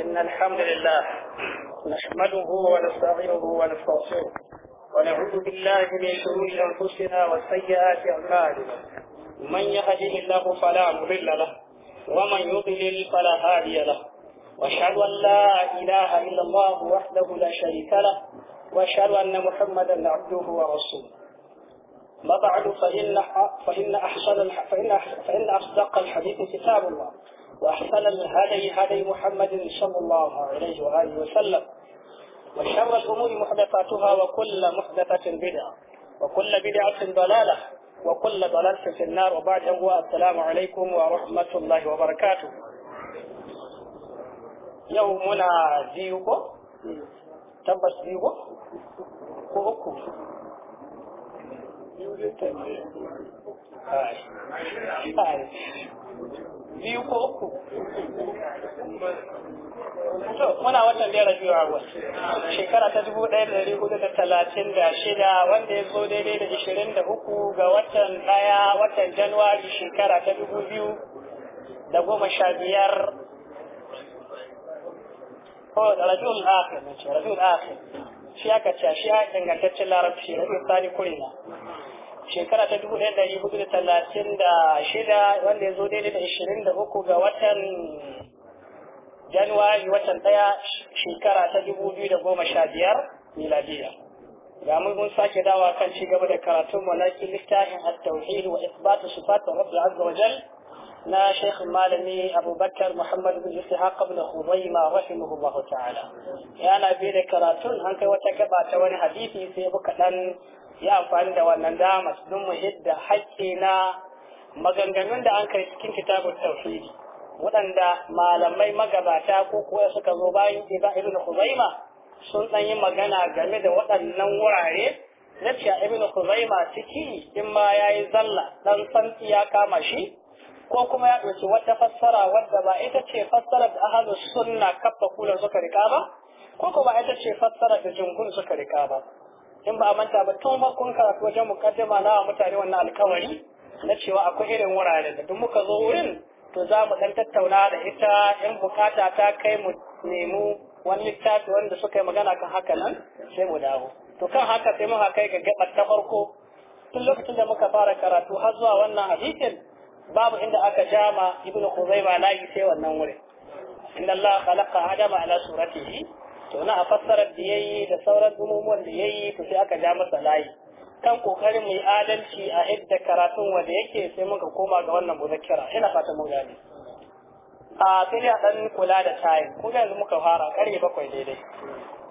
إن الحمد لله نحمده ونستغفره ونستغفره ونعوذ بالله من شرور أنفسنا وسيئات أعمالنا من يهده الله فلا مضل له ومن يضلل فلا هادي له وأشهد أن لا إله إلا الله وحده لا شريك له وأشهد أن محمدا عبده ورسوله ما بعد فإن فإن أحسن فإن فإن أصدق الحديث كتاب الله وأحسن الهدي هدي محمد صلى الله عليه وآله وسلم وشر الأمور محدثاتها وكل محدثة بدعة وكل بدعة ضلالة وكل ضلالة في النار وبعد السلام عليكم ورحمة الله وبركاته يومنا ديوكو تبس ديوكو biyu ko uku to muna watan biyar da biyu aguwas shekara ta dubu ɗaya da dari hudu da talatin da shida wanda ya zo daidai da ishirin da uku ga watan ɗaya watan januwari shekara ta dubu biyu da goma sha biyar ko da rajul akhir rajul akhir shi aka ce shi ya ingantaccen larabci rajul sani kurina shekara ta dubu ɗaya ɗari hudu da talatin da shida wanda ya zo daidai da ishirin da uku ga watan januwari watan ɗaya shekara ta dubu biyu da goma sha biyar miladiya ga mun sake dawa kan ci gaba da karatun malaki littafin at-tauhid wa isbatu sifat rabbil azza wa jal na shaykh malami abubakar muhammad bin ishaq ibn khuzaima rahimahullahu ta'ala yana bi da karatun an kai wata gaba ta wani hadisi sai buka dan yi amfani da wannan dama don mu da haƙƙi na maganganun da an kai cikin kitabun tauhidi waɗanda malamai magabata ko kuwa suka zo bayan Iba Ibn Khuzaima sun ɗan yi magana game da waɗannan wurare na cewa Ibn Khuzaima ciki in ma ya yi zalla ɗan santsi ya kama shi ko kuma ya ɗauki wata fassara wadda ba ita ce fassara da ahalus sunna kafa kula suka rika ba ko kuma ita ce fassara da jungun suka rika ba in ba a manta ba tun farkon karatu wajen mukaddama na mutane wannan alkawari na cewa akwai irin wurare da duk muka zo wurin to za mu dan tattauna da ita in bukata ta kai mu nemu wani littafi wanda suka yi magana kan haka nan sai mu dawo to kan haka sai muka kai ga gabar ta farko tun lokacin da muka fara karatu har zuwa wannan hadisin babu inda aka jama ibnu khuzaima lahi sai wannan wurin inna allaha khalaqa adama ala suratihi to na a fassarar da yi da sauran gumumuwan da yayi to sai aka ja masa layi kan kokarin mu adalci a yadda karatun wanda yake sai muka koma ga wannan muzakkira ina fata mun gane a sai a dan kula da time ko yanzu muka fara karfe bakwai daidai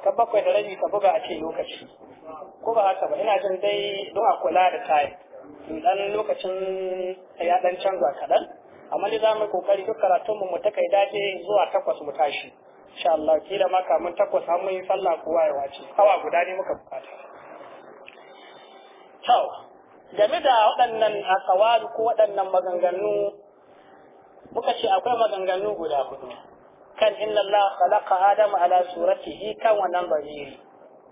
kan bakwai da rabi ka buga a ce lokaci ko ba haka ba ina jin dai don a kula da in dan lokacin ya dan canza kaɗan amma dai za mu kokari duk karatunmu mu ta kai dace zuwa takwas mu tashi insha Allah da ma mun takwas har mun yi sallah kowa ya wace awa guda ne muka bukata to game da waɗannan akawar ko waɗannan maganganu muka ce akwai maganganu guda hudu kan inna Allah khalaqa adama ala suratihi kan wannan bariri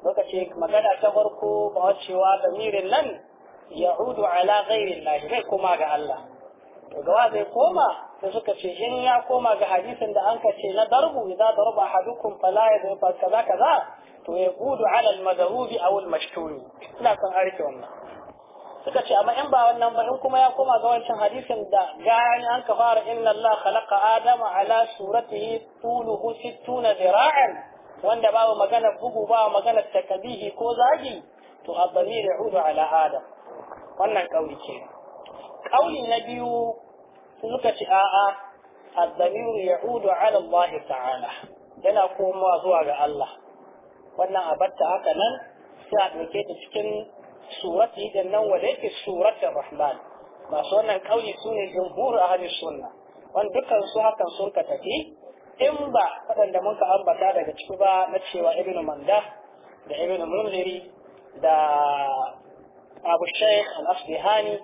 muka ce magana ta farko ba cewa lamirin nan ya'udu ala ghairi Allah kai kuma ga Allah gawa zai koma da suka ce in ya koma ga hadisin da an ka ce na darbu idza daraba ahadukum fala yadrib kaza kaza to ya gudu ala al aw mashtuni ina son a wannan suka ce amma in ba wannan ba in kuma ya koma ga wancan hadisin da gani an ka fara inna Allah khalaqa adama ala suratihi tuluhu 60 zira'an wanda babu magana bugu ba magana takabihi ko zagi to abdamir ya'udu ala adam wannan kauli kenan kauli na biyu suka ci a'a az-zamiru ya'udu 'ala Allah ta'ala yana komawa zuwa ga Allah wannan abatta haka nan sai a ɗauke ta cikin surati da nan wanda yake suratul rahman masu wannan kauli su ne jumhur ahli sunna wanda dukkan su hakan sun ka tafi in ba waɗanda muka ambata daga ciki ba na cewa Ibn manda da Ibn munziri da abu shaykh al-asbihani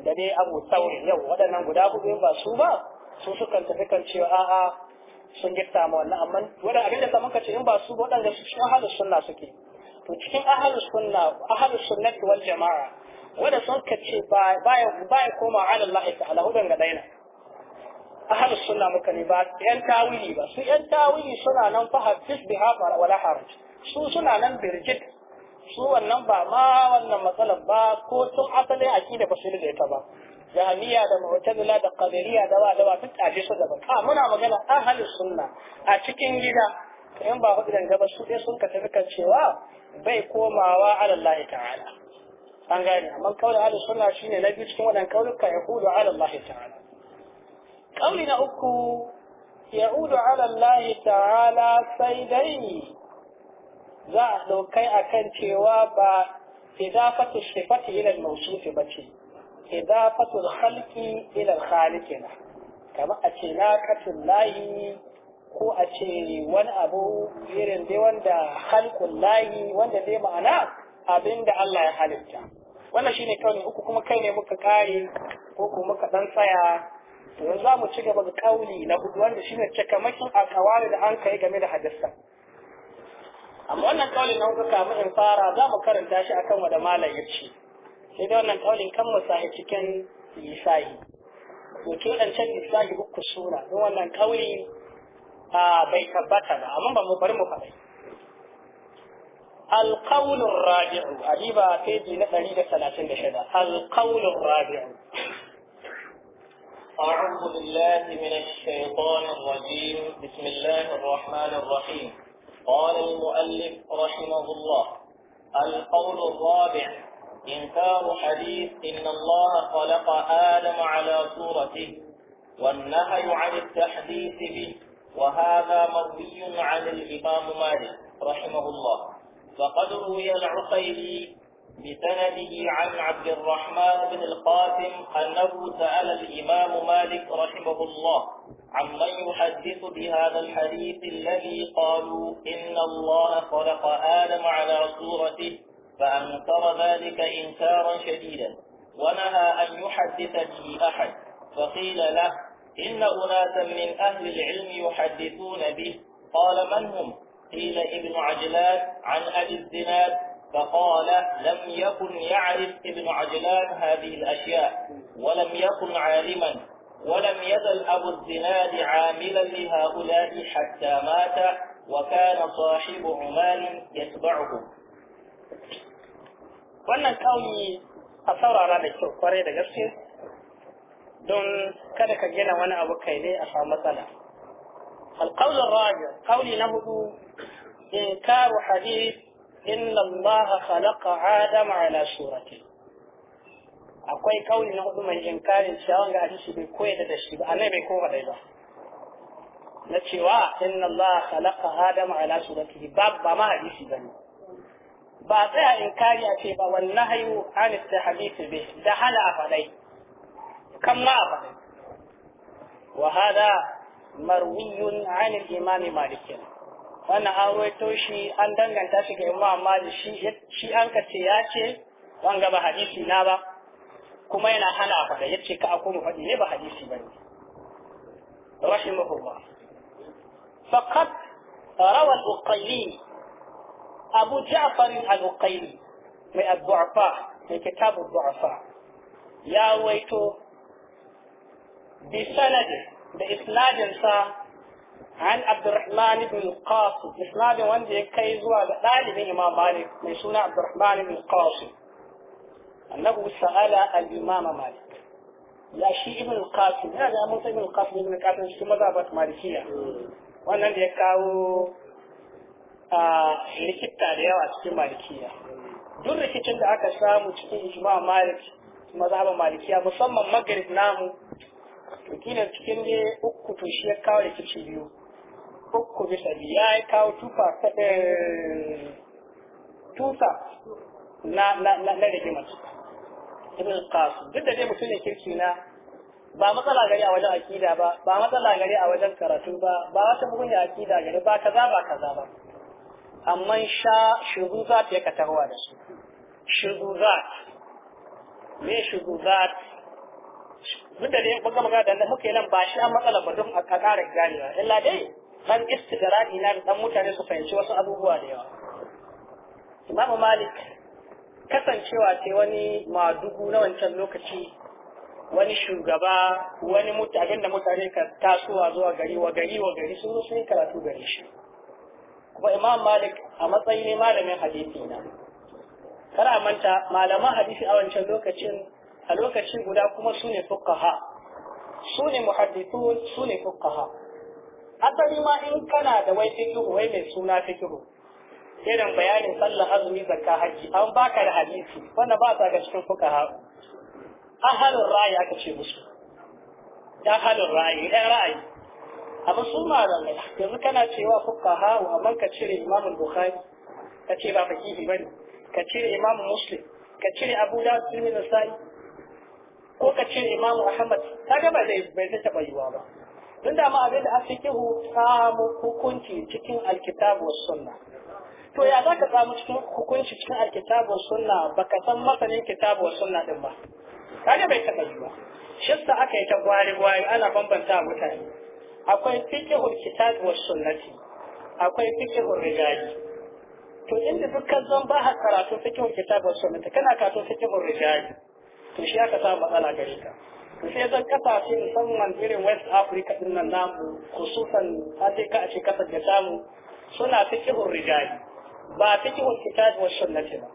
da dai abu saurin yau waɗannan guda hudu ba su ba su kan tafi kan cewa a'a sun gifta ma wannan amma waɗanda abin da ka ce in ba su waɗanda su cikin ahalus sunna suke to cikin ahalus sunna ahalus sunnati wal jama'a wanda sun ka ce ba ya koma ala Allah ta'ala hudan ga daina ahalus sunna muka ne ba yan tawili ba su yan tawili suna nan fa hafiz biha wala haraj su suna nan birjit su wannan ba ma wannan matsalar ba ko tun asalin aƙida ba su da ita ba jami'a da mu'tazila da qadariyya da wa da wa duk aje su daban a muna magana ahlus sunna a cikin gida in ba hudu da ba su dai sun ka tafi cewa bai komawa ala Allah ta'ala an gane amma kauli ahlus sunna shine na biyu cikin wadan kauluka yahudu ala Allah ta'ala kauli na uku yahudu ala Allah ta'ala sai dai za a ɗaukai a kan cewa ba idafatu sifati ila mausufi ba ce idafatu halki halki na. kamar a ce na katin layi, ko a ce wani abu irin dai wanda halkun layi wanda dai ma'ana abin da Allah ya halitta wannan shine kauli uku kuma kai ne muka kare ko kuma muka dan tsaya to yanzu za mu ci gaba da kauli na hudu wanda shine cakamakin akawari da an kai game da hadisa amma wannan kaulin na kuka kamu in fara za mu karanta shi akan wanda malam ya ce sai dai wannan kaulin kan mu sa cikin lisahi wakil dan can lisahi uku sura don wannan kauli bai tabbata ba amma ba mu bari mu faɗi القول الرابع أجيب تيجي نفري لثلاثين بشدة القول الرابع أعوذ بالله من الشيطان الرجيم بسم الله الرحمن الرحيم قال المؤلف رحمه الله القول الرابع إنكار حديث إن الله خلق آدم على صورته والنهي عن التحديث به وهذا مروي عن الإمام مالك رحمه الله فقد روي العقيلي بسنده عن عبد الرحمن بن القاسم أنه سأل الإمام مالك رحمه الله عمن يحدث بهذا الحديث الذي قالوا إن الله خلق آدم على صورته فأنكر ذلك إنكارا شديدا ونهى أن يحدث به أحد فقيل له إن أناسا من أهل العلم يحدثون به قال من هم قيل ابن عجلان عن أبي الزناد فقال لم يكن يعرف ابن عجلان هذه الأشياء ولم يكن عالما ولم يزل أبو الزناد عاملا لهؤلاء حتى مات وكان صاحب عمال يتبعه wannan kauni a saurara da kyau kwarai da gaske don kada ka gina wani abu kai ne a samu matsala alƙaunin rajo kauli na hudu in karu hadith inna allaha khalaqa adama ala surati akwai kauli na hudu mai inkarin cewa wanga hadisi bai koyar da shi ba annabi bai koyar da ba na cewa inna Allah khalaqa Adam ala suratihi ba ba ma hadisi bane ba tsaya inkari a ce ba wannan hayu an hadisi bai? da hala a fadai kan ma a wa hada marwiyun an al-imam Malik wana an to shi an danganta shi ga Imam Malik shi shi an ka ce ya ce wanga ba hadisi na ba kuma yana hana a faɗa yace ka ako mu faɗi ne ba hadisi bane rahimahullah faqad rawa al-uqayli abu ja'far al-uqayli mai ad-du'afa mai kitab ad-du'afa ya waito bi sanadi da isnadin sa عن عبد الرحمن بن القاسم إسناد وندي كيزوا لعلي إمام مالك ميسون عبد الرحمن بن القاسم annahu sa'ala al-imam malik ya shi ibn al-qasim ya da mun san ibn al-qasim ibn al-qasim shi mazhabat malikiya wannan da ya kawo a likita da yawa cikin malikiya duk rikicin da aka samu cikin ijma malik mazhaban malikiya musamman magrib namu to kila cikin ne uku to shi ya kawo rikici biyu uku bisa biyu ya kawo tufa tufa na na na rigimar ibn qasim duk da dai ne kirki na ba matsala gari a wajen akida ba ba matsala gari a wajen karatu ba ba wata mugunya akida gari ba kaza ba kaza ba amma sha ta ya katarwa da su shuzuzat me shuzuzat duk da dai baka magana da muke nan ba shi an matsala ba don a ƙara ganewa illa dai man istidradi na dan mutane su fahimci wasu abubuwa da yawa imamu malik kasancewa sai wani madugu na wancan lokaci wani shugaba wani mutane da mutane ka tasowa zuwa gari wa gari wa gari sun zo sun karatu gari shi kuma imam malik a matsayi ne malamin hadisi na kar a manta malaman hadisi a wancan lokacin a lokaci guda kuma su ne fukaha su ne muhaddithun su ne fukaha asali ma in kana da wai fikihu wai mai suna fikihu irin bayanin sallar azumi zakka haji an baka da hadisi wanda ba ta ga cikin fuqaha ahalur ra'ayi aka ce musu da ahalur ra'ayi da ra'ayi amma su da yanzu kana cewa fuqaha amma ka cire imam bukhari ka ce ba fakihi bane ka cire imam muslim ka cire abu da na sai ko ka cire imam ahmad kaga ba zai bai taba yiwa ba tun da ma abin da a fikihu samu hukunci cikin alkitabu was sunnah to ya za ka samu cikin hukunci cikin alkitabun sunna ba ka san masanin kitabun sunna din ba kaga bai taɓa yi ba shista aka yi ta gwari gwari ana bambanta mutane akwai fiqhul kitabun wa sunnati akwai fiqhul rijali to inda dukkan zan ba karatu fiqhul kitabun wa sunnati kana karatu fiqhul rijali to shi aka samu matsala gare ka to sai zan kasa shi musamman irin West Africa din nan namu khususan sai ka a ce kasar da samu suna fiqhul rijali ba fiqhul kitab wa sunnati ba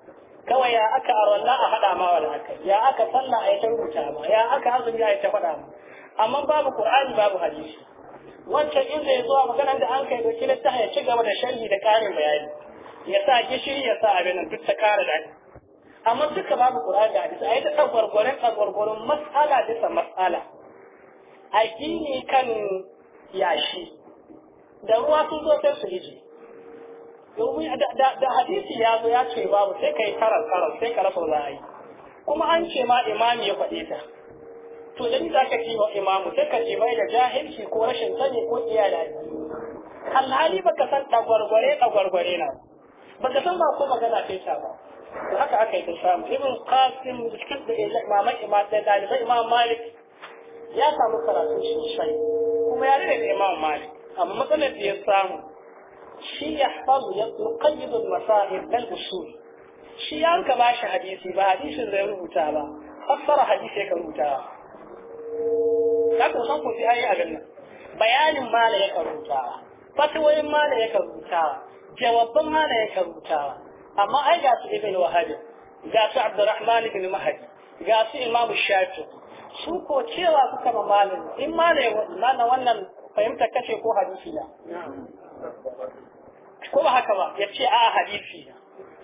kawai ya aka arwalla a haɗa ma wala haka ya aka sallah a ta rubuta ma ya aka azumi a ta faɗa ma amma babu qur'ani babu hadisi wancan in zai zuwa maganar da an kai doki na ta ya ci gaba da sharhi da ƙarin bayani ya sa gishiri ya sa abin nan duk ta ƙara da amma duka babu qur'ani da hadisi a yi ta tsagwargwaron tsagwargwaron matsala bisa matsala a gini kan yashi da ruwa sun zo sai su hiji domin da hadisi ya zo ya ce babu sai kai karar karar sai ka rasa za a yi kuma an ce ma imami ya faɗe ta to da za ka ce wa imamu sai ka ce mai da jahilci ko rashin sani ko iyala alhali baka san dagwargware dagwargware na baka san ba ko magana kai ta ba haka aka yi ta samu ibn qasim cikin da imaman imam da dalibai imam malik ya samu karatu sosai kuma ya rage imam malik amma matsalar da ya samu shi ya faru ya muqayyidul masahib dal usul shi ya ka shi hadisi ba hadisin da ya rubuta ba fassara hadisi ka rubuta ka ko san ko ayi a ganin. bayanin mala ya rubuta ma mala ya rubuta ma mala ya rubuta amma ai ga su ibn wahabi ga su abdurrahman ibn mahdi ga su imam shafi su ko cewa suka ba malin in malai na wannan fahimta kace ko hadisi na ko ba haka ba ya ce a hadisi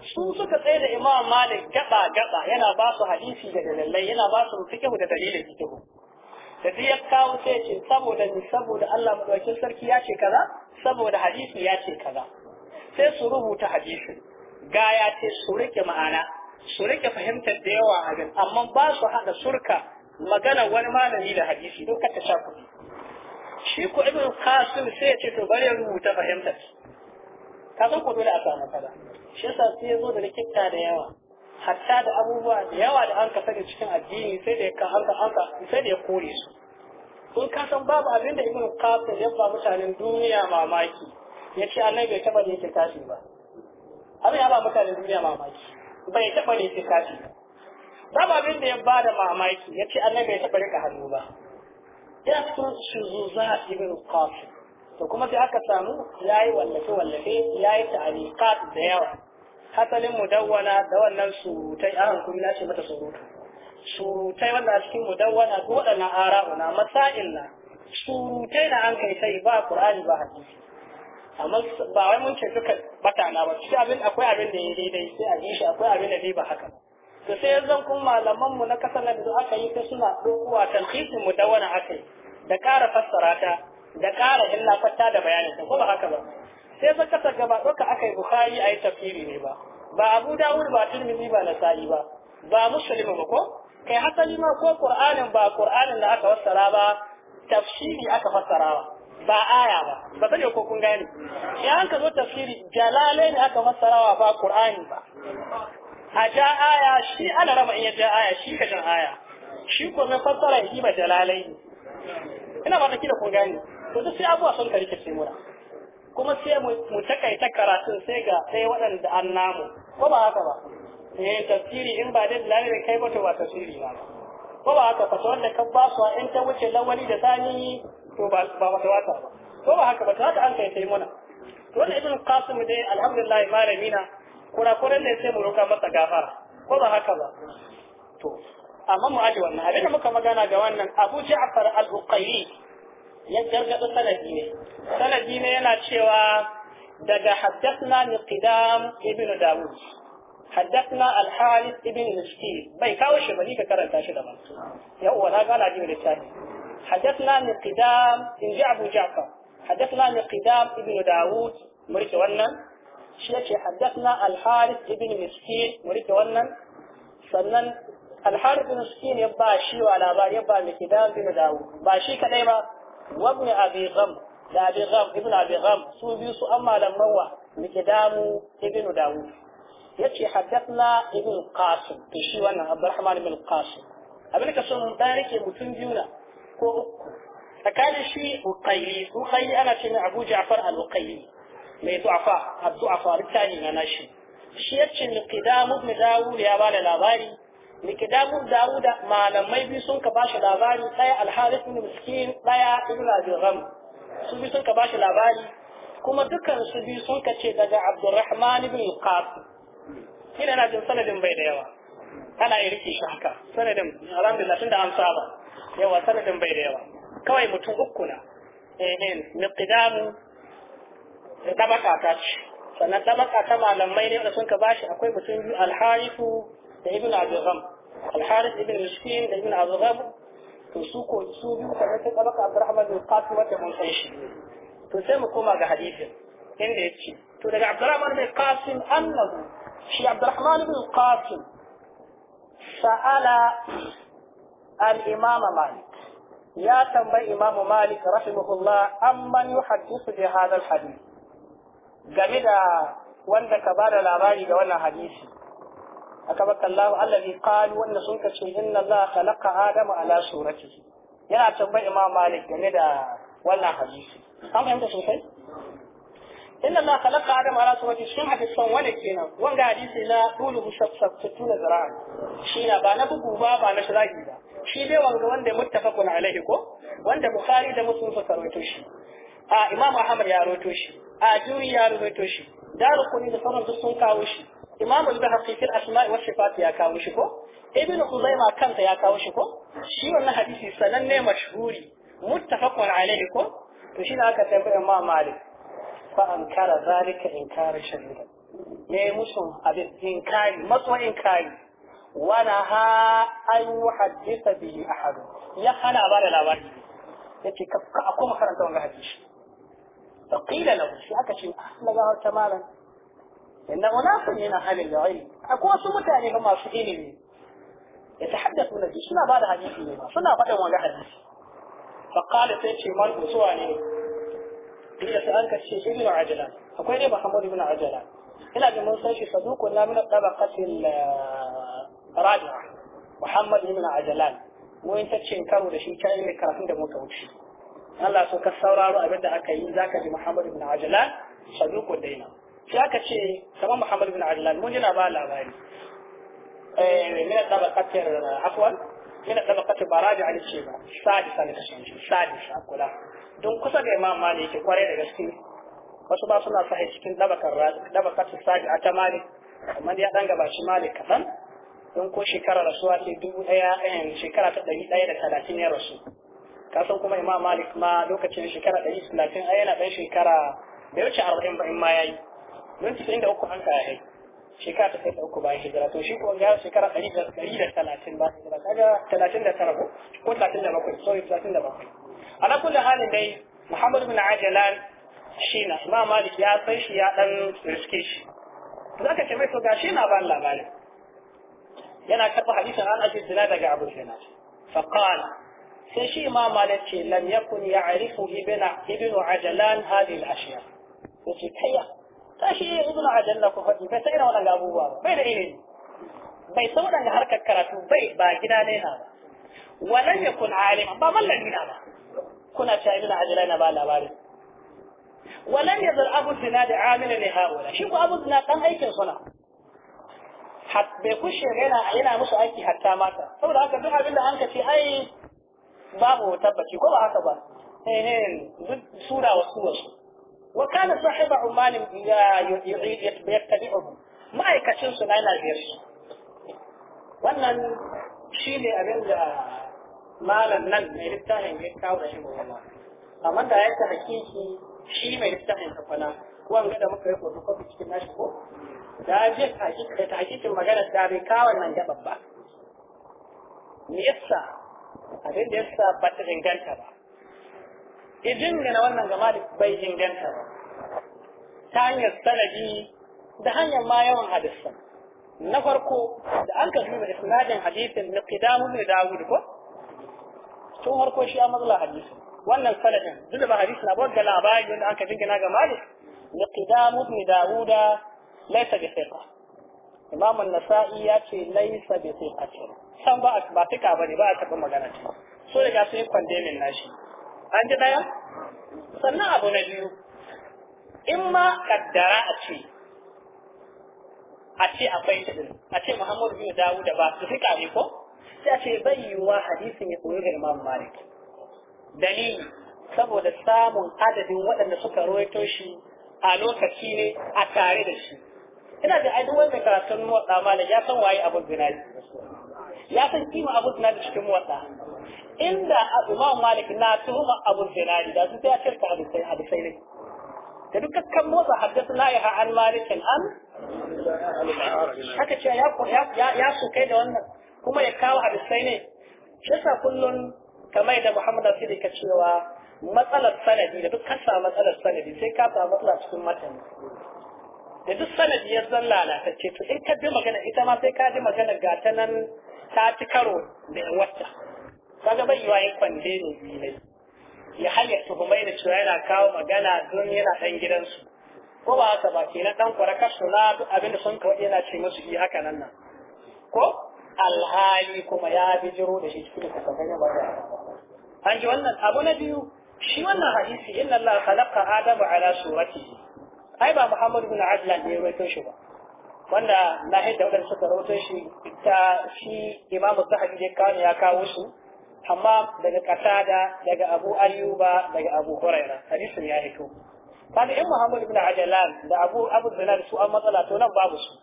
su suka tsaye da imam malik gaba gaba yana ba su hadisi da dalilai yana ba su fikihu da dalilai fikihu da duk ya kawo sai ce saboda ni saboda Allah madaukakin sarki ya ce kaza saboda hadisi ya ce kaza sai su rubuta hadisi gaya ce su rike ma'ana su rike fahimtar da yawa a amma ba su hada surka magana wani malami da hadisi don ka ta sha kuɗi shi ko ibn qasim sai ya ce to bari ya rubuta fahimtar ka san ko dole a samu kaza shi yasa sai ya zo da likita da yawa hatta da abubuwa da yawa da an kasa sani cikin addini sai da ya ka an ka sai da ya kore su kun ka san babu abin da ibn qasim ya ba mutanen duniya mamaki ya ce annabi bai taba ne tashi ba abin ya ba mutanen duniya mamaki bai taba ne tashi ba babu abin da ya ba da mamaki ya ce annabi bai taba rika hannu ba ya cikin shuzuza ibn qasim to kuma sai aka samu yi wallafe wallafe yi ta'aliqat da yawa hasalin mudawwana da wannan surutai a kuma na ce mata surutu surutai wanda a cikin mudawwana ko waɗannan ara'u na masail na surutai na an kai sai ba qur'ani ba hadisi amma ba wai mun ce suka bata na ba cikin abin akwai abin da ya daidai sai a yi shi akwai abin da bai ba haka to sai zan kun malaman mu na kasar da aka yi ta suna dokuwa talhisin mu da wani akai da ƙara fassara ta da ƙara illa fatta da bayani ta ko ba haka ba sai zan kasa gaba doka akai bukhari ayi tafsiri ne ba ba abu dawud ba tirmidhi ba nasa'i ba ba muslim ba ko kai hasali ma ko qur'anin ba qur'anin da aka fassara ba tafsiri aka fassara ba ba aya ba ba sani ko kun gane ya an ka zo tafsiri jalalai ne aka fassara ba qur'ani ba a ja aya shi ana rama in ya ja aya shi ka jan aya shi ko mai fassara ya kima jalalai ina ba ta da kun gani to duk sai abuwa sun karike sai mura kuma sai mu takaita karatun sai ga sai waɗanda an namu ko ba haka ba eh tafsiri in ba dai lalai kai ba to ba tafsiri ba ko ba haka fa wanda ka ba su in ta wuce lawali da sani to ba ba wata wata ba ko ba haka ba ta haka an kai sai To wannan ibn qasim dai alhamdulillah malamina kurakuran ne sai mu roka masa gafara ko ba haka ba to amma mu aje wannan abin da muka magana ga wannan Abu Ja'far al-Uqayli ya gargada sanadi ne sanadi ne yana cewa daga haddathna Miqdam ibn Dawud haddathna al-Harith ibn Miskil bai kawo shi bari ka karanta shi daban ya uwa na gana ji da tsari haddathna Miqdam in ji Abu Ja'far haddathna Miqdam ibn Dawud murke wannan shi ya haddathna al-Harith ibn Miskin mu rike wannan sannan al-Harith ibn Miskin ya ba shi wa labari ya ba Mikidan bin ba shi da Abi ibn Abi su biyu su amma da mawa Mikidamu ibn Dawud yace haddathna ibn Qasim to shi wannan Abdurrahman ibn Qasim abin ka so mun dan mutum biyu na ko tsakanin shi Uqayli Uqayli ana cewa Abu Ja'far al-Uqayli mai du'afa addu'afa rikani na nashi shi yace kidamu ibn dawo ya bala labari miqdamu dawuda malamai bi sun ka bashi labari daya al-harith ibn miskin daya ibn al su bi sun ka bashi labari kuma dukan su bi sun ka ce daga abdurrahman ibn qasim ina na jin sanadin bai da yawa ana yi rike shi haka sanadin alhamdulillah tunda an saba yawa sanadin bai da yawa kawai mutum uku na eh eh kidamu ɗabaka ta ce sannan ɗabaka ta malamai ne wanda sun ka bashi akwai mutum biyu alharifu da ibn abdurram alharif ibn miskin da ibn abdurram to su ko su biyu sannan sai ɗabaka abdurrahman bin qasim wata mun san shi to sai mu koma ga hadisin inda ya ce to daga abdurrahman bin qasim annahu shi abdurrahman bin qasim sa'ala al-imama malik ya tambayi imamu malik rahimahullah amman yuhaddisu bi hadha al-hadith game da wanda ka ba da labari ga wannan hadisi baka Allah allazi qalu wanda sun ka ce inna Allah khalaqa adama ala suratihi yana tambayar Imam Malik game da wannan hadisi an fahimta sosai inna Allah khalaqa adama ala suratihi sun hadisan wanda kenan wanda hadisi na dulu shafsatuna zara shi na ba na bugu ba ba na shirahi ba shi dai wanga wanda muttafaqun alaihi ko wanda Bukhari da Muslim suka rawaito shi a Imam Ahmad ya rawaito shi a juri ya rubuto shi Da kuni da sauran da sun kawo shi imamu al-bahaqi fil asma'i wa sifat ya kawo shi ko ibn khuzaima kanta ya kawo shi ko shi wannan hadisi sananne mashhuri muttafaqun alaihi ko to shi ne aka tambaya ma malik fa ankara zalika inkara shadidan ne musu abin inkari matso inkari ونهى أن يحدث به أحد يا أنا أبار الأبار ka كأكو makaranta تونغ حديث فقيل له شي aka ce Allah ga wata malam inna unasun min ahli al-ilm akwai wasu mutane ba masu ilimi ya tahaddathu na suna ba da hadisi ne ba suna faɗan wani hadisi fa qala ce man usuwa ne inda sai an kace shi ibn ajlan akwai ne muhammad ibn ajlan ina da mun san shi saduqun la min tabaqatil rabi'a muhammad karo da shi ta yi karatun da muka wuce Allah so ka sauraro abin da aka yi zaka ji Muhammad ibn Ajla saduqu daina shi aka ce kamar Muhammad ibn Ajla mun yana ba labari eh mina da bakatir afwan mina da bakatir baraji ali ce ba sadi sani kashin sadi sha kula don kusa ga Imam Malik kwarai da gaske wasu ba suna sahi cikin dabakar dabakar sadi a ta Malik amma ya dan gaba shi Malik kafan don ko shekara rasuwa ce dubu ɗaya eh, shekara ta ɗari ɗaya da talatin ya rasu Kasan san kuma imam malik ma lokacin shekara ɗari talatin ai yana ɗan shekara da wuce arba'in ba in ma yayi don tisa'in da uku an ka yayi shekara ta sai da uku bayan hijira to shi kuma ga shekara ɗari da ɗari da talatin ba hijira kaga talatin da tara ko ko talatin da bakwai sorry talatin da bakwai ala kulli halin dai muhammad bin ajalan shi na imam malik ya san shi ya ɗan riske shi za ka ce mai to gashi na ban labarin yana karɓa hadisin an ake zina daga abu kenan فقال sai shi imam malik ce lam yakun ya'rifu ibna ibnu ajalan hadhihi al-ashya Ta kayya tashi ibnu ajalan ko fadi bai sai wannan abubuwa bai da ilimi bai san wannan harkar karatu bai ba gida ne na ba walam kun alim ba mallami na ba kuna ta ibnu ajalan ba labari walam yazal abu zina da Amina ne haula shi ko abu zina ɗan aikin suna bai kushe yana yana musu aiki hatta mata saboda haka duk abin da an ka ce ai babu tabbaci ko ba haka ba eh duk sura wasu wasu wa kana sahiba umman yattabi'uhu ma'aikacin su na yana biyar su wannan shine abin da malam nan mai littafin ya kawo da shi ba amma da yake hakiki shi mai littafin kafana wanga da muka yi fotokofi cikin nashi ko da je hakika da hakikin magana da bai kawo nan gaba ba me yasa abin da ya ba ta inganta ba idin na wannan ga malik bai inganta ba ta hanyar sanadi da hanyar ma yawan hadisan na farko da an ka duba isnadin hadisin na qidamu ne dawud ko tun farko shi a mazala hadisin wannan sanadin duk da hadisin abu da labari wanda an ka jingina ga malik na qidamu ne dawuda laysa bi thiqah imam nasai ya ce laisa bi thiqatin san ba ba tika bane ba ta taba magana ce so daga sai condemning nashi an ji daya sannan abu na biyu in ma kaddara a ce a ce akwai din a ce muhammadu bin dawud ba su fika ne ko sai a ce bai yiwuwa hadisin ya koyi ga imam malik dalili saboda samun adadin waɗanda suka rawaito shi a lokaci ne a tare da shi ina da ai wanda karatun motsa malam ya san waye Abu Zinadi ya san kima Abu Zinadi cikin motsa, inda Imam Malik na tuhuma Abu Zinadi da su sai ya shirka Abu Sai Abu Sai ne da dukkan kan motsa haddasa haddathna ya an Malik an haka ce ya ya su kai da wannan kuma ya kawo Abu Sai ne shi sa kullum kamar da Muhammad Asiri ka cewa matsalar sanadi da duk ka matsalar sanadi sai ka samu matsala cikin matan da duk sanadi ya san lalatacce to in ka bi magana ita ma sai ka ji magana ga ta nan ta ci karo da wata kaga bai yiwa yin kwande ne bilai ya hanyar tuhumai da cewa yana kawo magana don yana dan gidansu ko ba haka ba na dan kwara su na duk abin da sun kawai yana ce musu yi haka nan nan ko alhali kuma ya bijiro da shi cikin kasafai ba bada an ji wannan abu na biyu shi wannan hadisi inna Allah khalaqa adama ala suratihi ai ba Muhammadu bin Adlan ne ya rawaito shi ba wanda na hidda wadanda suka rawaito shi ta shi Imam Sahabi da kawo ya kawo su amma daga Qatada daga Abu Ayyuba daga Abu huraira hadisin ya hito kada in Muhammadu bin Adlan da Abu Abu Zinad su an matsala to nan babu su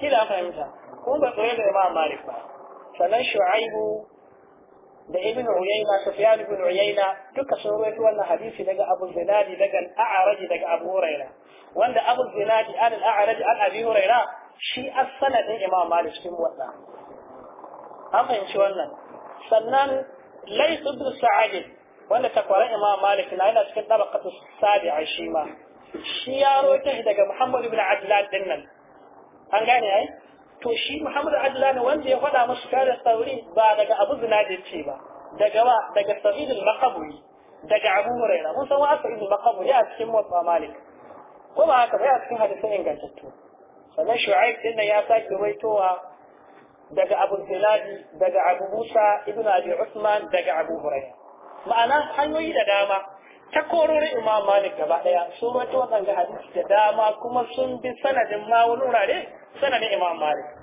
kila fahimta kuma ba tsoye da Imam Malik ba sannan Shu'aibu da ibn uyayna sufyan ibn uyayna duka sun rawaito wannan hadisi daga abu zinadi daga al-a'raj daga abu huraira wanda abu zinadi an al-a'raj an abi huraira shi as-sanadin imam malik cikin wannan an fahimci wannan sannan lays ibn sa'ad wanda takwaran imam malik na yana cikin tabaqatu sabi'a shi ma shi ya rawaito daga muhammad ibn adlan dinnan an gane ai to shi Muhammad Adlan wanda ya faɗa masa kare sauri ba daga Abu Zinadin ce ba daga wa daga Sa'id al-Maqburi daga Abu Hurairah mun san wa Sa'id al-Maqburi a cikin Muwatta Malik ko ba haka ba a cikin hadisin ingantattu sannan Shu'aib din ya sake raitowa daga Abu Zinadi daga Abu Musa ibn Abi Usman daga Abu Hurairah ma'ana hanyoyi da dama ta korori Imam Malik gaba daya sun rawaito wannan hadisi da dama kuma sun bi sanadin ma wani wurare sanadin Imam Malik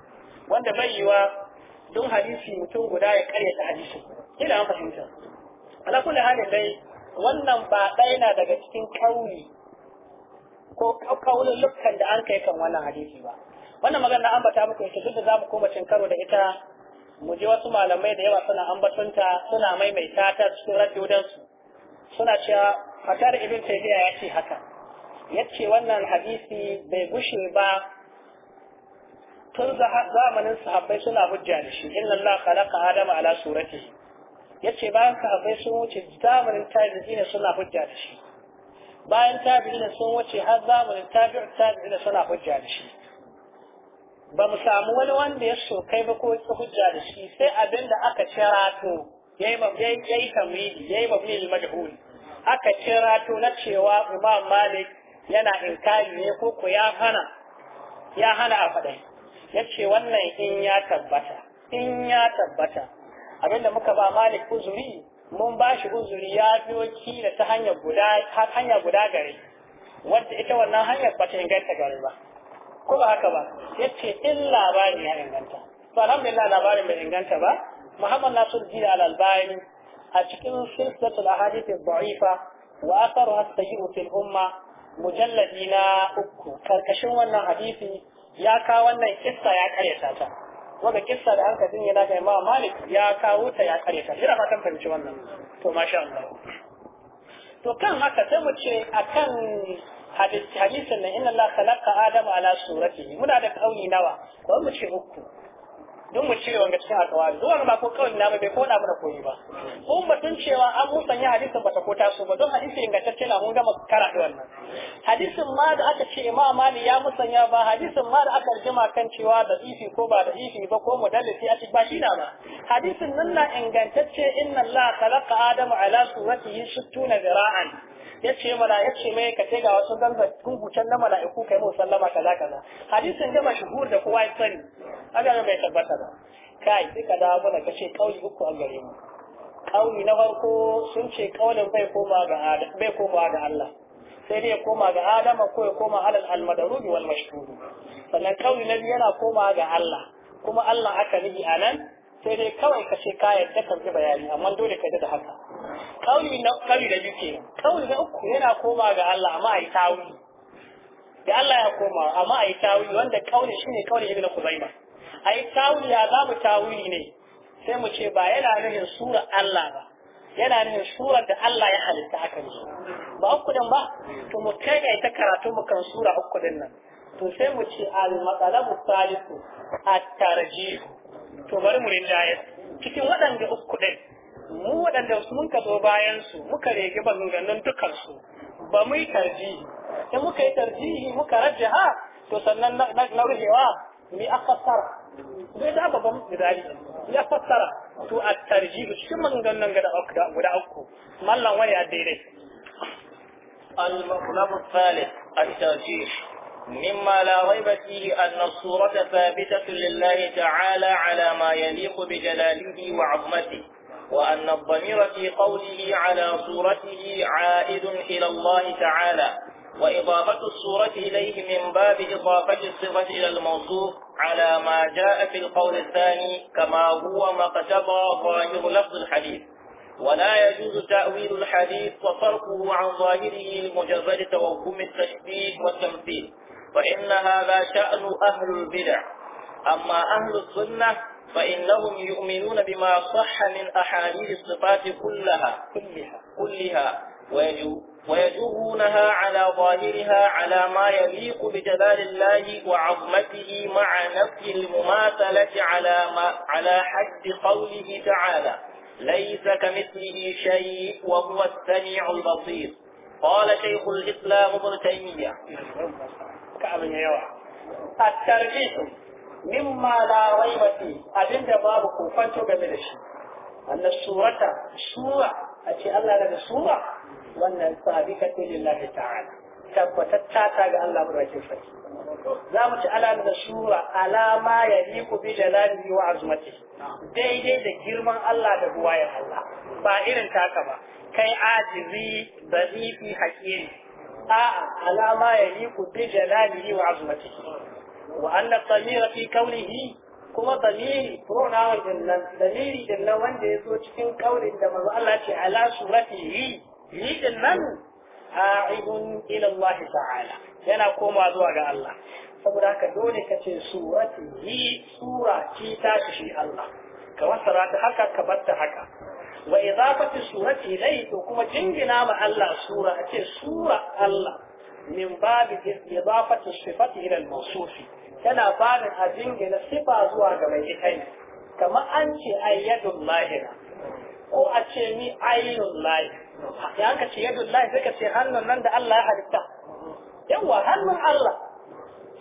wanda bai yi wa don hadisi mutum guda ya karyata hadisi ina an fahimta ala kulli halin dai wannan ba ɗaya na daga cikin kauli ko kaulin lukkan da an kai kan wannan hadisi ba wannan magana an bata muku ita duk da zamu koma cin karo da ita mu je wasu malamai da yawa suna ambatunta suna maimaita ta cikin rajodansu suna cewa fatar ibn taymiya ya ce haka yace wannan hadisi bai gushe ba tun zamanin sahabbai suna hujja da shi inna Allah khalaqa adama ala suratihi yace bayan sahabbai sun wuce zamanin tabi'in suna hujja da shi bayan tabi'in sun wuce har zamanin tabi'u tabi'in suna hujja da shi ba mu samu wani wanda ya so kai ba ko ya hujja da shi sai abin da aka to yayi yayi yayi tamridi yayi mabni majhul aka to na cewa Imam Malik yana inkari ne ko ko ya hana ya hana a faɗai yace wannan in ya tabbata in ya tabbata abinda muka ba malik uzuri mun ba shi uzuri ya biyo kila ta hanya guda hanya guda gare wadda ita wannan hanyar ba ta inganta gare ba ko ba haka ba yace in labari ya inganta to alhamdulillah labarin bai inganta ba muhammad nasir jira al-albani a cikin silsilatul ahadith ad-da'ifa wa atharuha as-sayyi'u fil umma mujalladi na uku karkashin wannan hadisi ya kawo wannan kissa ya karyata ta wanda kissa da an kadin dinga na ga Imam Malik ya kawo ta ya karyata ina fatan fahimci wannan to masha Allah to kan haka sai mu ce akan hadisin nan inna Allah khalaqa adama ala suratihi muna da kauni nawa ko mu ce uku don mu cire wanga cikin alkawari zuwa ba ko kawai na bai koda mana koyi ba ko batun cewa an musanya hadisin bata ko taso ba don hadisi ingantacce na mun gama kara da wannan hadisin ma da aka ce imam mali ya musanya ba hadisin ma da aka jima kan cewa da ifi ko ba da ifi ba ko mudallisi a ba shi na ba hadisin nan na ingantacce inna allaha khalaqa adama ala suratihi 60 zira'an yace mala yace mai ka ga wasu zanzan can na mala'iku kai mu sallama kaza kaza hadisin da mashhur da kowa ya sani aga bai tabbata ba kai sai ka dawo mana kace kauli uku an gare mu kauli na farko sun ce kaulin bai koma ga Adam bai koma ga Allah sai dai ya koma ga Adam ko ya koma alal almadarubi wal mashhur sannan kauli na biyu yana koma ga Allah kuma Allah aka nufi anan sai dai kawai kace ka yadda kan bayani amma dole ka da haka kauli na kauli da biyu kenan kauli na uku yana koma ga Allah amma ai tawili da Allah ya koma amma ai tawili wanda kauli shine kauli ibn Khuzaimah ai tawili ya zamu tawili ne sai mu ce ba yana nufin sura Allah ba yana nufin surar da Allah ya halitta aka ne ba uku din ba to mu kai ta karatu mu kan sura uku din nan to sai mu ce al matsalabu salisu at tarjih to bari mu rinjaye cikin waɗanda uku din mu waɗanda mun ka zo bayan muka rege maganganun dukansu ba mu yi tarjihi in muka yi tarjihi muka rajaha to sannan na ruhewa mi a fassara zai da babban misali ya fassara to a tarjihi shi maganganun guda uku mallan wani a daidai المطلب الثالث الترجيح مما لا ريب فيه أن الصورة ثابتة لله تعالى على ما يليق بجلاله وعظمته وأن الضمير في قوله على صورته عائد إلى الله تعالى وإضافة الصورة إليه من باب إضافة الصفة إلى الموصوف على ما جاء في القول الثاني كما هو ما اقتضى ظاهر لفظ الحديث ولا يجوز تأويل الحديث وصرفه عن ظاهره لمجرد توهم التشبيه والتمثيل فإن هذا شأن أهل البدع أما أهل السنة فإنهم يؤمنون بما صح من أحاديث الصفات كلها كلها كلها ويجرونها على ظاهرها على ما يليق بجلال الله وعظمته مع نفي المماثلة على ما على حد قوله تعالى ليس كمثله شيء وهو السميع البصير قال شيخ الإسلام ابن تيمية الترجيح mimma la raiba fi abinda babu kofanto game da shi anna surata sura a ce Allah daga sura wannan sabikatu lillahi ta'ala tabbatatta ta ga Allah barkin sarki za mu ci ala da sura alama ya liku bi jalalihi wa azmati daidai da girman Allah da buwayen Allah ba irin taka ba kai ajizi dhalifi hakiri a'a alama ya liku bi jalalihi wa azmati وأن الضمير في كونه كما ضميري فرونا وجنة ضميري جنة وان دي سوچ كن كون دم الله على صورته هي جنة عائد إلى الله تعالى ينا كوما زوا الله saboda haka dole ka ce surati yi sura ci ta shi Allah ka wasara ta haka ka batta haka wa idafati surati ilai to kuma jingina ma Allah sura a ce sura Allah min babu idafati sifati ila al-mawsufi tana ba da abin gina sifa zuwa ga mai ita ne kamar an ce ayyadun lahira ko a ce ni ayyadun lahira ya aka ce yadun lahira sai ka ce hannun nan da Allah ya halitta yawa hannun Allah